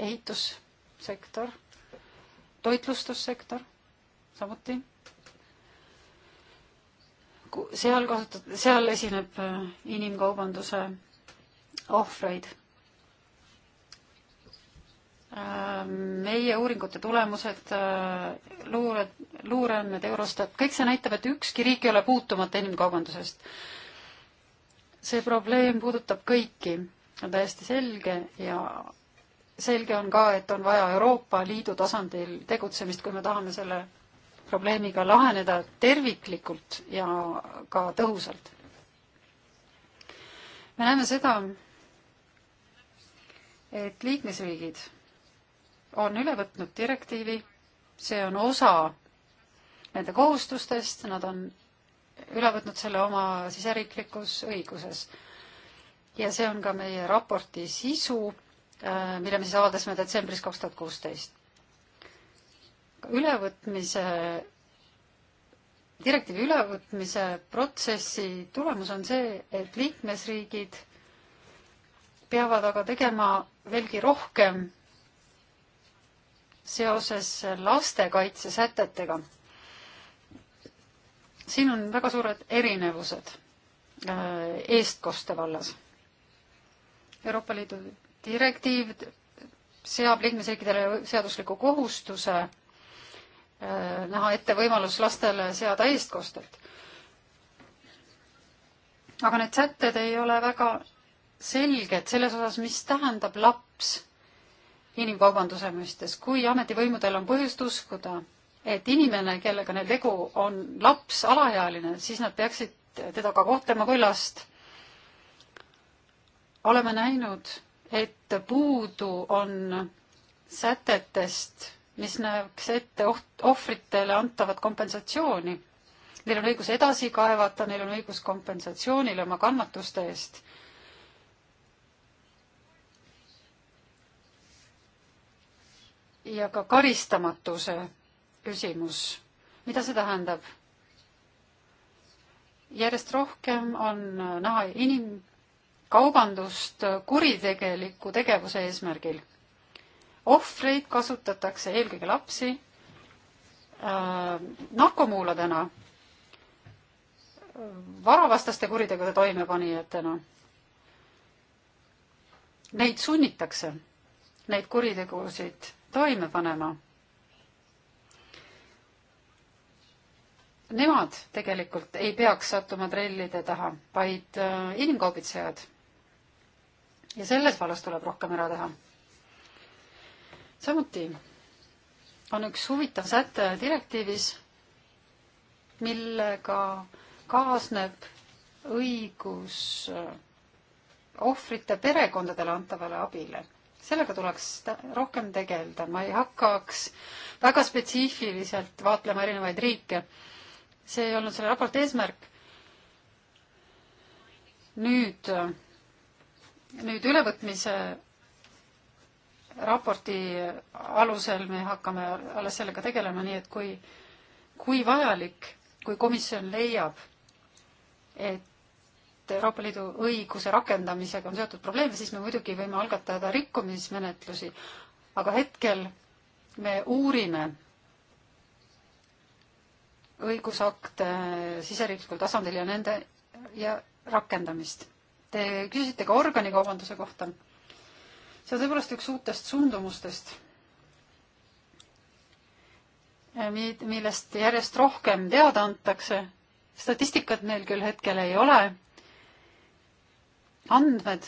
ehitussektor, toitlustussektor samuti seal kasutat-, seal esineb äh, inimkaubanduse ohvreid. Ähm, meie uuringute tulemused, äh, luure, luureandmed, Eurostat, kõik see näitab, et ükski riik ei ole puutumata inimkaubandusest. see probleem puudutab kõiki, on täiesti selge ja selge on ka, et on vaja Euroopa Liidu tasandil tegutsemist, kui me tahame selle probleemiga laheneda terviklikult ja ka tõhusalt. me näeme seda, et liikmesriigid on üle võtnud direktiivi, see on osa nende kohustustest, nad on üle võtnud selle oma siseriiklikus õiguses. ja see on ka meie raporti sisu, äh, mille me siis avaldasime detsembris kaks tuhat kuusteist ülevõtmise, direktiivi ülevõtmise protsessi tulemus on see, et liikmesriigid peavad aga tegema veelgi rohkem seoses lastekaitsesätetega. siin on väga suured erinevused äh, eestkoste vallas. Euroopa Liidu direktiiv seab liikmesriikidele seadusliku kohustuse Äh, näha ette võimalus lastele seada eestkostet. aga need sätted ei ole väga selged selles osas, mis tähendab laps inimkaubanduse mõistes. kui ametivõimudel on põhjust uskuda, et inimene, kellega neil tegu on laps, alaealine, siis nad peaksid teda ka kohtlema kui last. oleme näinud, et puudu on sätetest mis näeks ette oht-, ohvritele antavat kompensatsiooni. Neil on õigus edasi kaevata, neil on õigus kompensatsioonile oma kannatuste eest. ja ka karistamatuse küsimus, mida see tähendab? järjest rohkem on näha inimkaubandust kuritegeliku tegevuse eesmärgil ohvreid kasutatakse eelkõige lapsi äh, narkomuuladena, varavastaste kuritegude toimepanijatena. Neid sunnitakse, neid kuritegusid toime panema. Nemad tegelikult ei peaks sattuma trellide taha, vaid äh, inimkaubitsejad. ja selles vallas tuleb rohkem ära teha samuti on üks huvitav säte direktiivis, millega kaasneb õigus äh, ohvrite perekondadele antavale abile. sellega tuleks rohkem tegeleda, ma ei hakkaks väga spetsiifiliselt vaatlema erinevaid riike. see ei olnud selle raporti eesmärk. nüüd, äh, nüüd ülevõtmise raporti alusel me hakkame alles sellega tegelema, nii et kui, kui vajalik, kui komisjon leiab, et Euroopa Liidu õiguse rakendamisega on seotud probleeme, siis me muidugi võime algatada rikkumismenetlusi, aga hetkel me uurime õigusakte siseriiklikul tasandil ja nende ja rakendamist. Te küsisite ka organikaubanduse kohta see on seepärast üks uutest suundumustest, millest järjest rohkem teada antakse. statistikat meil küll hetkel ei ole. andmed,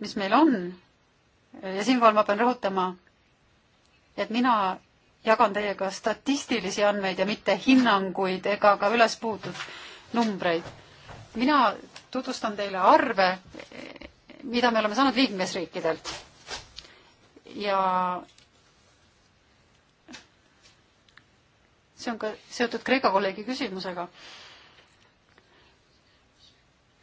mis meil on ja siinkohal ma pean rõhutama, et mina jagan teiega statistilisi andmeid ja mitte hinnanguid ega ka üles puutud numbreid. mina tutvustan teile arve, mida me oleme saanud liikmesriikidelt ja see on ka seotud Kreeka kolleegi küsimusega.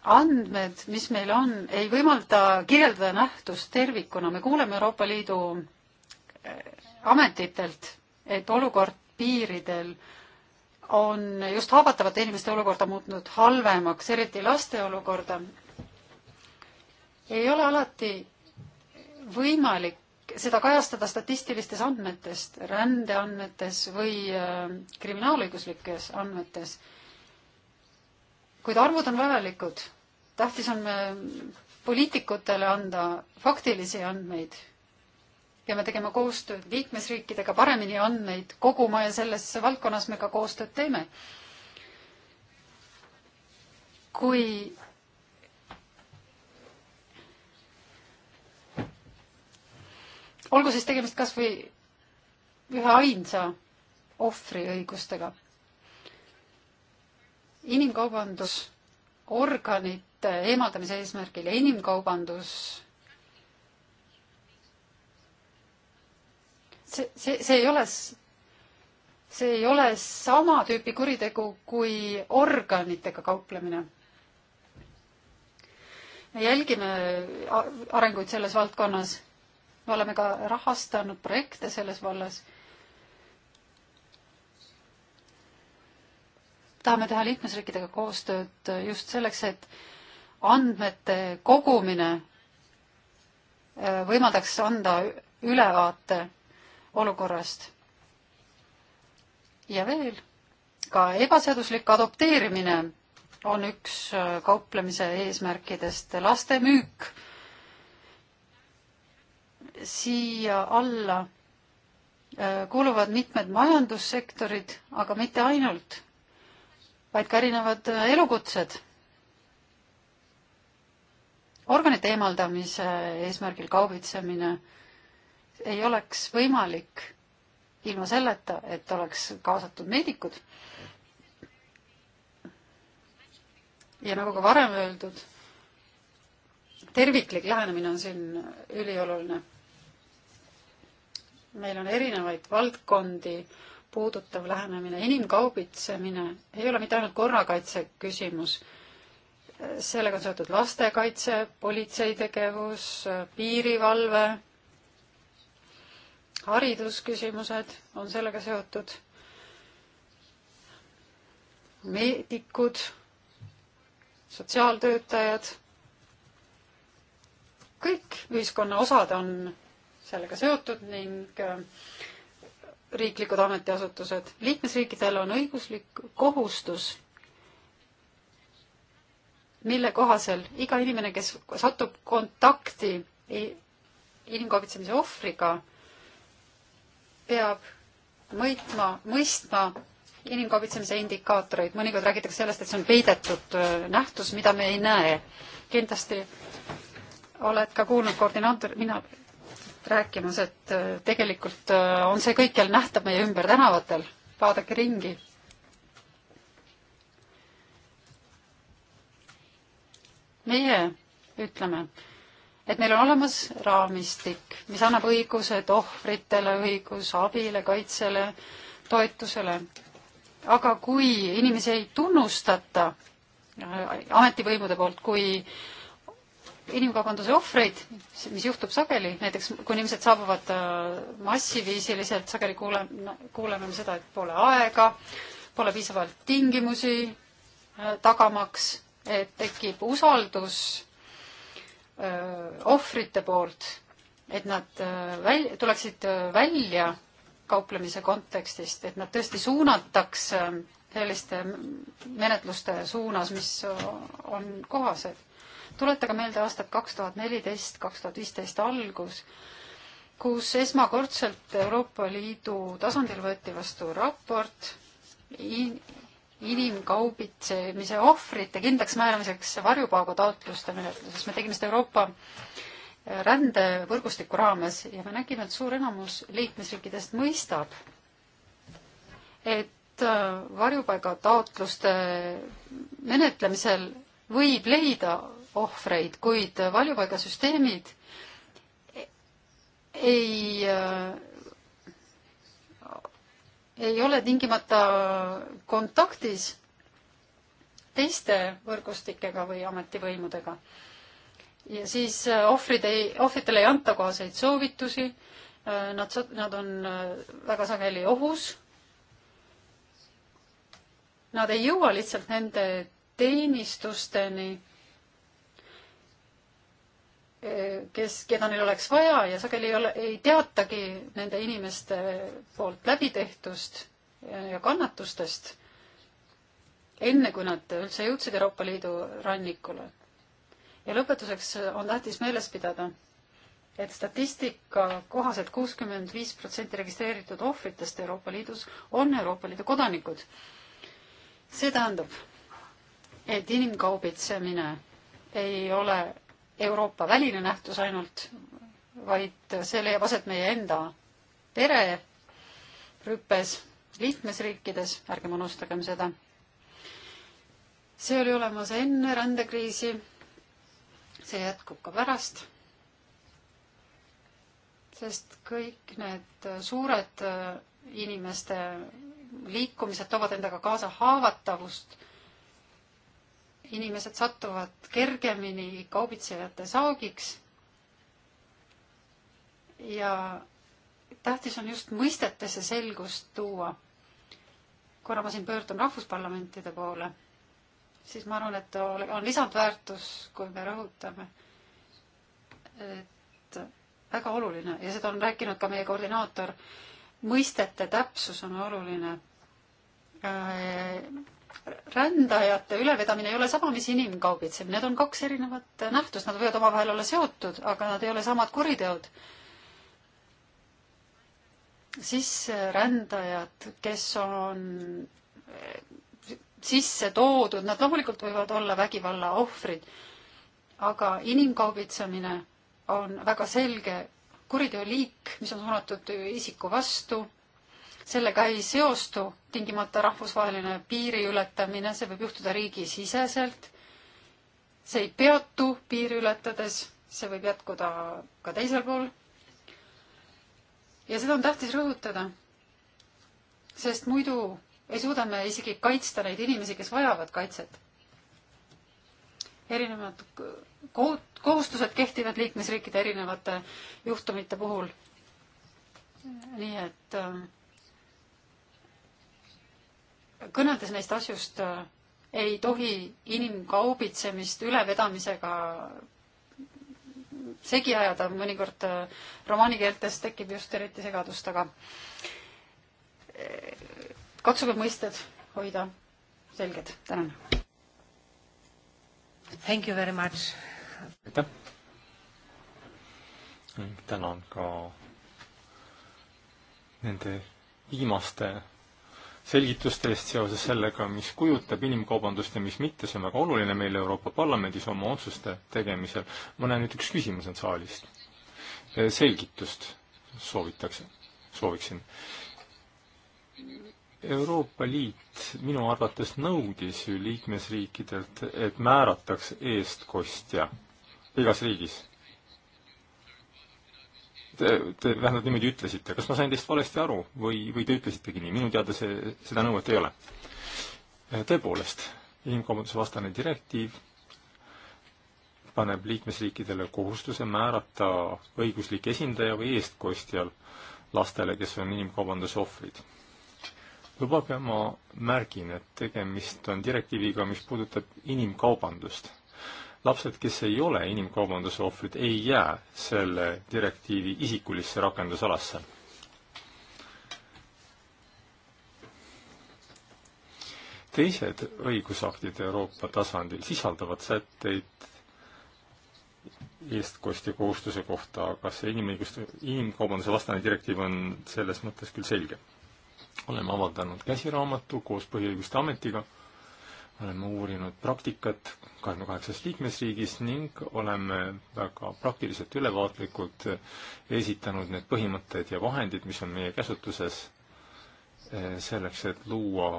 andmed, mis meil on, ei võimalda kirjeldada nähtust tervikuna, me kuuleme Euroopa Liidu äh, ametitelt, et olukord piiridel on just haavatavate inimeste olukorda muutnud halvemaks, eriti laste olukorda. ei ole alati võimalik seda kajastada statistilistes andmetes, rändeandmetes või äh, kriminaalõiguslikes andmetes. kuid arvud on vajalikud. tähtis on äh, poliitikutele anda faktilisi andmeid. peame tegema koostööd liikmesriikidega, paremini andmeid koguma ja selles valdkonnas me ka koostööd teeme. kui olgu siis tegemist kas või ühe ainsa ohvri õigustega. inimkaubandus organite eemaldamise eesmärgil ja inimkaubandus see, see, see ei ole, see ei ole sama tüüpi kuritegu kui organitega kauplemine. me jälgime arenguid selles valdkonnas me oleme ka rahastanud projekte selles vallas. tahame teha liikmesriikidega koostööd just selleks, et andmete kogumine võimaldaks anda ülevaate olukorrast. ja veel, ka ebaseaduslik adopteerimine on üks kauplemise eesmärkidest, laste müük siia alla äh, kuuluvad mitmed majandussektorid, aga mitte ainult, vaid ka erinevad äh, elukutsed. organite eemaldamise eesmärgil kaubitsemine ei oleks võimalik ilma selleta, et oleks kaasatud meedikud. ja nagu ka varem öeldud, terviklik lähenemine on siin ülioluline meil on erinevaid valdkondi puudutav lähenemine, inimkaubitsemine ei ole mitte ainult korrakaitse küsimus, sellega on seotud lastekaitse, politseitegevus, piirivalve, haridusküsimused on sellega seotud, meedikud, sotsiaaltöötajad, kõik ühiskonna osad on sellega seotud ning äh, riiklikud ametiasutused. liikmesriikidel on õiguslik kohustus, mille kohaselt iga inimene, kes satub kontakti inimkaubitsemise ohvriga, peab mõitma, mõistma inimkaubitsemise indikaatoreid. mõnikord räägitakse sellest, et see on peidetud äh, nähtus, mida me ei näe. kindlasti oled ka kuulnud koordinaator, mina rääkimas, et äh, tegelikult äh, on see kõikjal nähtav meie ümber tänavatel, vaadake ringi. meie ütleme, et meil on olemas raamistik, mis annab õigused ohvritele, õigus abile, kaitsele, toetusele. aga kui inimesi ei tunnustata äh, ametivõimude poolt, kui äh, inimkaubanduse ohvreid, mis juhtub sageli, näiteks kui inimesed saabuvad äh, massiviisiliselt, sageli kuule, kuuleme me seda, et pole aega, pole piisavalt tingimusi äh, tagamaks, et tekib usaldus äh, ohvrite poolt, et nad väl-, tuleksid välja kauplemise kontekstist, et nad tõesti suunataks selliste menetluste suunas, mis on kohased tuletage meelde aastat kaks tuhat neliteist, kaks tuhat viisteist algus, kus esmakordselt Euroopa Liidu tasandil võeti vastu raport in inimkaubitsemise ohvrite kindlaksmääramiseks varjupaagu taotluste menetluses. me tegime seda Euroopa eh, rändevõrgustiku raames ja me nägime, et suur enamus liikmesriikidest mõistab, et eh, varjupaiga taotluste menetlemisel võib leida ohvreid, kuid varjupaigasüsteemid ei, äh, ei ole tingimata kontaktis teiste võrgustikega või ametivõimudega. ja siis äh, ohvrid ei, ohvritele ei anta kohaseid soovitusi, äh, nad, nad on väga sageli ohus. Nad ei jõua lihtsalt nende teenistusteni kes, keda neil oleks vaja ja sageli ei ole, ei teatagi nende inimeste poolt läbitehtust ja kannatustest, enne kui nad üldse jõudsid Euroopa Liidu rannikule. ja lõpetuseks on tähtis meeles pidada, et statistika kohaselt kuuskümmend viis protsenti registreeritud ohvritest Euroopa Liidus on Euroopa Liidu kodanikud. see tähendab, et inimkaubitsemine ei ole Euroopa väline nähtus ainult, vaid see leiab aset meie enda pererüppes, liikmesriikides, ärgem unustagem seda. see oli olemas enne rändekriisi, see jätkub ka pärast, sest kõik need suured inimeste liikumised toovad endaga kaasa haavatavust inimesed satuvad kergemini kaubitsejate saagiks. ja tähtis on just mõistetesse selgust tuua. korra ma siin pöördun rahvusparlamentide poole, siis ma arvan, et on lisandväärtus, kui me rõhutame, et väga oluline ja seda on rääkinud ka meie koordinaator, mõistete täpsus on oluline äh, rändajate ülevedamine ei ole sama, mis inimkaubitsemine, need on kaks erinevat nähtust, nad võivad omavahel olla seotud, aga nad ei ole samad kuriteod. sisserändajad, kes on sisse toodud, nad loomulikult võivad olla vägivalla ohvrid, aga inimkaubitsemine on väga selge kuriteoliik, mis on suunatud isiku vastu sellega ei seostu tingimata rahvusvaheline piiri ületamine, see võib juhtuda riigisiseselt. see ei peatu piiri ületades, see võib jätkuda ka teisel pool. ja seda on tähtis rõhutada. sest muidu ei suuda me isegi kaitsta neid inimesi, kes vajavad kaitset. erinevad kohustused kehtivad liikmesriikide erinevate juhtumite puhul. nii et äh, kõneldes neist asjust, äh, ei tohi inimkaubitsemist ülevedamisega segi ajada, mõnikord äh, romaanikeeltes tekib just eriti segadust, aga äh, katsuge mõisted hoida selged, tänan. Thank you very much. aitäh. tänan ka nende viimaste selgituste eest seoses sellega, mis kujutab inimkaubandust ja mis mitte, see on väga oluline meil Euroopa Parlamendis oma otsuste tegemisel. ma näen, et üks küsimus on saalist. E, selgitust soovitakse, sooviksin. Euroopa Liit minu arvates nõudis ju liikmesriikidelt, et määrataks eestkostja igas riigis te, te vähemalt niimoodi ütlesite, kas ma sain teist valesti aru või, või te ütlesitegi nii, minu teada see, seda nõuet ei ole. Äh, tõepoolest, inimkaubanduse vastane direktiiv paneb liikmesriikidele kohustuse määrata õiguslik esindaja või eestkostjal lastele, kes on inimkaubanduse ohvrid. lubage, ma märgin, et tegemist on direktiiviga, mis puudutab inimkaubandust lapsed, kes ei ole inimkaubanduse ohvrid, ei jää selle direktiivi isikulisse rakendusalasse. teised õigusaktid Euroopa tasandil sisaldavad sätteid eestkostja kohustuse kohta, aga see inimõiguste, inimkaubanduse vastane direktiiv on selles mõttes küll selge. oleme avaldanud käsiraamatu koos Põhiõiguste Ametiga oleme uurinud praktikat kahekümne kaheksas liikmesriigis ning oleme väga praktiliselt ülevaatlikult esitanud need põhimõtted ja vahendid, mis on meie käsutuses eh, selleks, et luua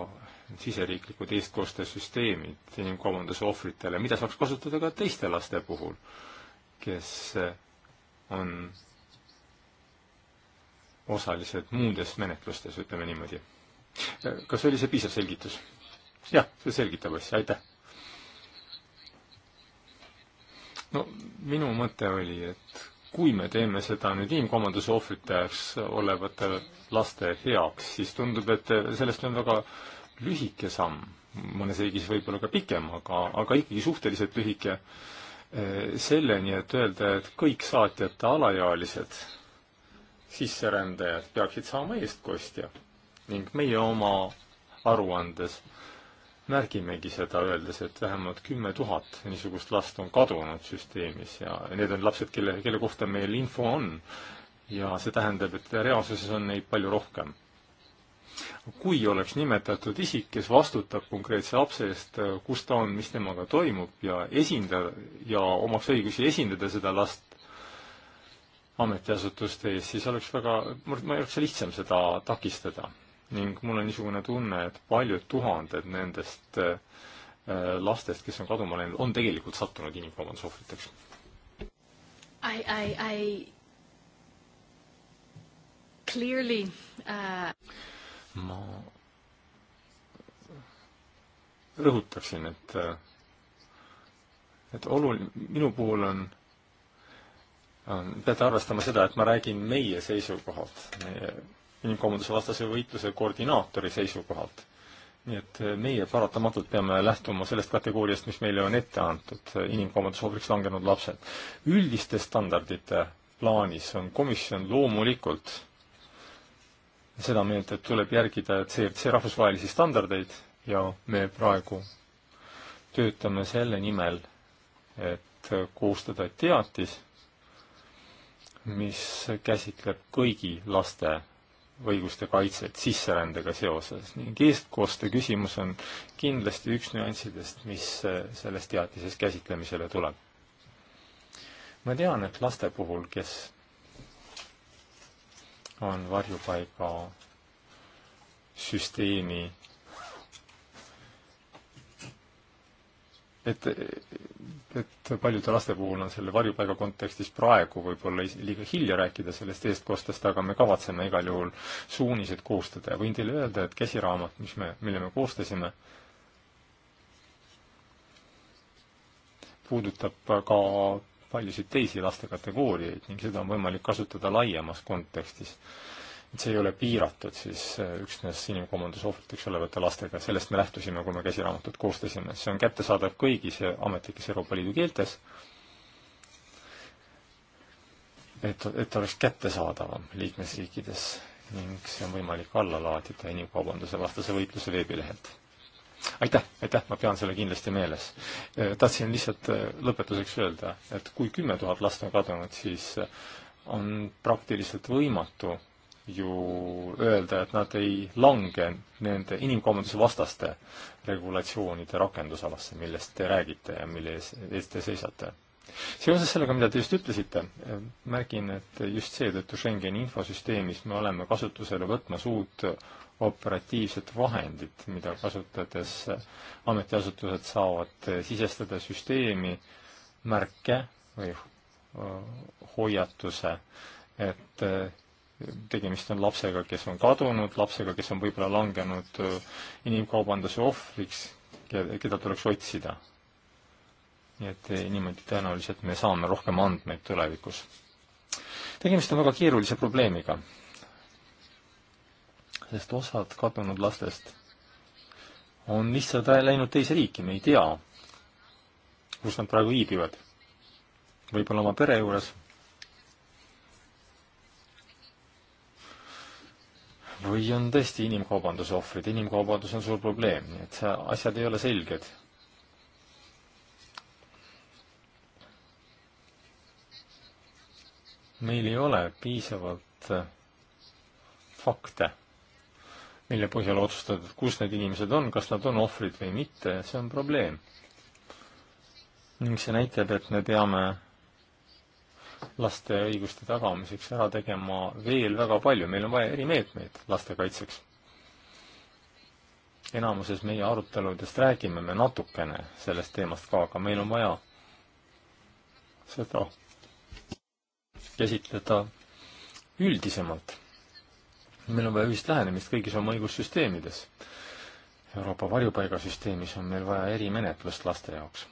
siseriiklikud eestkoostesüsteemid inimkaubanduse ohvritele, mida saaks kasutada ka teiste laste puhul, kes eh, on osalised muudes menetlustes, ütleme niimoodi. Eh, kas oli see piisav selgitus? jah, see selgitab asja, aitäh. no minu mõte oli, et kui me teeme seda nüüd inimkomanduse ohvritajaks olevate laste heaks, siis tundub, et sellest on väga lühike samm, mõnes riigis võib-olla ka pikem, aga, aga ikkagi suhteliselt lühike eh, selleni, et öelda, et kõik saatjate alaealised sisserändajad peaksid saama eestkostja ning meie oma aruandes märgimegi seda, öeldes, et vähemalt kümme tuhat niisugust last on kadunud süsteemis ja need on lapsed, kelle, kelle kohta meil info on. ja see tähendab, et reaalsuses on neid palju rohkem. kui oleks nimetatud isik, kes vastutab konkreetse lapse eest, kus ta on, mis temaga toimub ja esindada ja omaks õigusi esindada seda last ametiasutuste ees, siis oleks väga, ma oleks lihtsam seda takistada ning mul on niisugune tunne, et paljud tuhanded nendest äh, lastest, kes on kaduma läinud, on tegelikult sattunud inimkaubanduse ohvriteks. I, I, I clearly uh... ma rõhutaksin, et, et oluline, minu puhul on peate arvestama seda, et ma räägin meie seisukohalt, meie inimkaubandusevastase võitluse koordinaatori seisukohalt. nii et meie paratamatult peame lähtuma sellest kategooriast, mis meile on ette antud, inimkaubanduse ohvriks langenud lapsed. üldiste standardite plaanis on komisjon loomulikult seda meelt, et tuleb järgida CRC rahvusvahelisi standardeid ja me praegu töötame selle nimel, et koostada teatis, mis käsitleb kõigi laste õiguste kaitset sisserändega seoses ning eestkoste küsimus on kindlasti üks nüanssidest, mis äh, selles teatises käsitlemisele tuleb. ma tean, et laste puhul, kes on varjupaiga süsteemi et, et paljude laste puhul on selle varjupaiga kontekstis praegu võib-olla liiga hilja rääkida sellest eestkostest, aga me kavatseme igal juhul suunised koostada ja võin teile öelda, et käsiraamat, mis me, mille me koostasime, puudutab ka paljusid teisi lastekategooriaid ning seda on võimalik kasutada laiemas kontekstis et see ei ole piiratud siis äh, üksnes inimkomanduse ohvriteks olevate lastega, sellest me lähtusime, kui me käsiraamatut koostasime. see on kättesaadav kõigis ametlikes Euroopa Liidu keeltes, et, et oleks kättesaadavam liikmesriikides ning see on võimalik alla laadida inimkaubanduse vastase võitluse veebilehelt. aitäh, aitäh, ma pean selle kindlasti meeles. Äh, tahtsin lihtsalt äh, lõpetuseks öelda, et kui kümme tuhat last on kadunud, siis on praktiliselt võimatu ju öelda, et nad ei lange nende inimkaubanduse vastaste regulatsioonide rakendusalasse, millest te räägite ja mille ees, ees te seisate. seoses sellega, mida te just ütlesite, märgin, et just seetõttu Schengeni infosüsteemis me oleme kasutusele võtmas uut operatiivset vahendit, mida kasutades ametiasutused saavad sisestada süsteemi märke või hoiatuse, et tegemist on lapsega, kes on kadunud, lapsega, kes on võib-olla langenud äh, inimkaubanduse ohvriks, keda tuleks otsida. nii et äh, niimoodi tõenäoliselt me saame rohkem andmeid tulevikus. tegemist on väga keerulise probleemiga, sest osad kadunud lastest on lihtsalt läinud teise riiki, me ei tea, kus nad praegu viibivad. võib-olla oma pere juures või on tõesti inimkaubanduse ohvrid, inimkaubandus on suur probleem, nii et asjad ei ole selged. meil ei ole piisavalt äh, fakte, mille põhjal otsustada, kus need inimesed on, kas nad on ohvrid või mitte, see on probleem. ning see näitab, et me peame laste õiguste tagamiseks ära tegema veel väga palju, meil on vaja erimeetmeid laste kaitseks. enamuses meie aruteludest räägime me natukene sellest teemast ka, aga meil on vaja seda käsitleda üldisemalt. meil on vaja ühist lähenemist kõigis oma õigussüsteemides. Euroopa varjupaigasüsteemis on meil vaja erimenetlust laste jaoks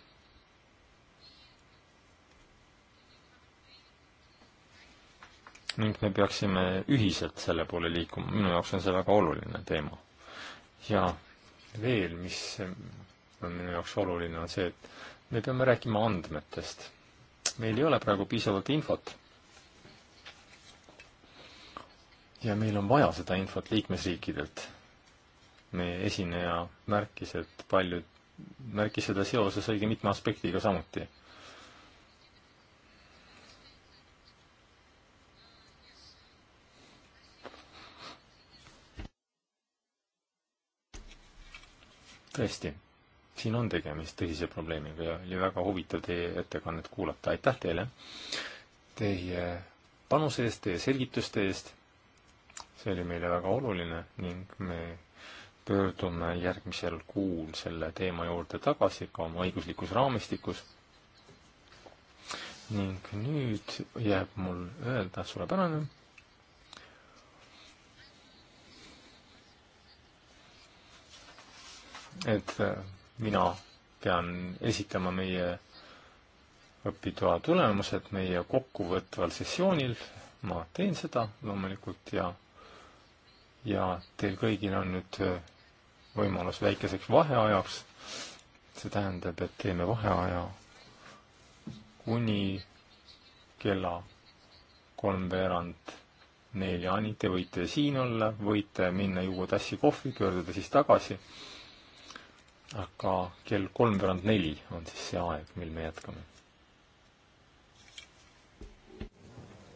ning me peaksime ühiselt selle poole liikuma, minu jaoks on see väga oluline teema. ja veel, mis on minu jaoks oluline, on see, et me peame rääkima andmetest. meil ei ole praegu piisavalt infot. ja meil on vaja seda infot liikmesriikidelt. meie esineja märkis, et paljud, märkis seda seoses õige mitme aspektiga samuti tõesti, siin on tegemist tõsise probleemiga ja oli väga huvitav teie ettekannet kuulata, aitäh teile! Teie panuse eest, teie selgituste eest, see oli meile väga oluline ning me pöördume järgmisel kuul selle teema juurde tagasi ka oma õiguslikus raamistikus. ning nüüd jääb mul öelda suurepärane et äh, mina pean esitama meie õpitoa tulemused meie kokkuvõtval sessioonil, ma teen seda loomulikult ja, ja teil kõigil on nüüd äh, võimalus väikeseks vaheajaks, see tähendab, et teeme vaheaja kuni kella kolmveerand neljani, te võite siin olla, võite minna juua tassi kohvi, pöörduda siis tagasi aga kell kolmveerand neli on siis see aeg, mil me jätkame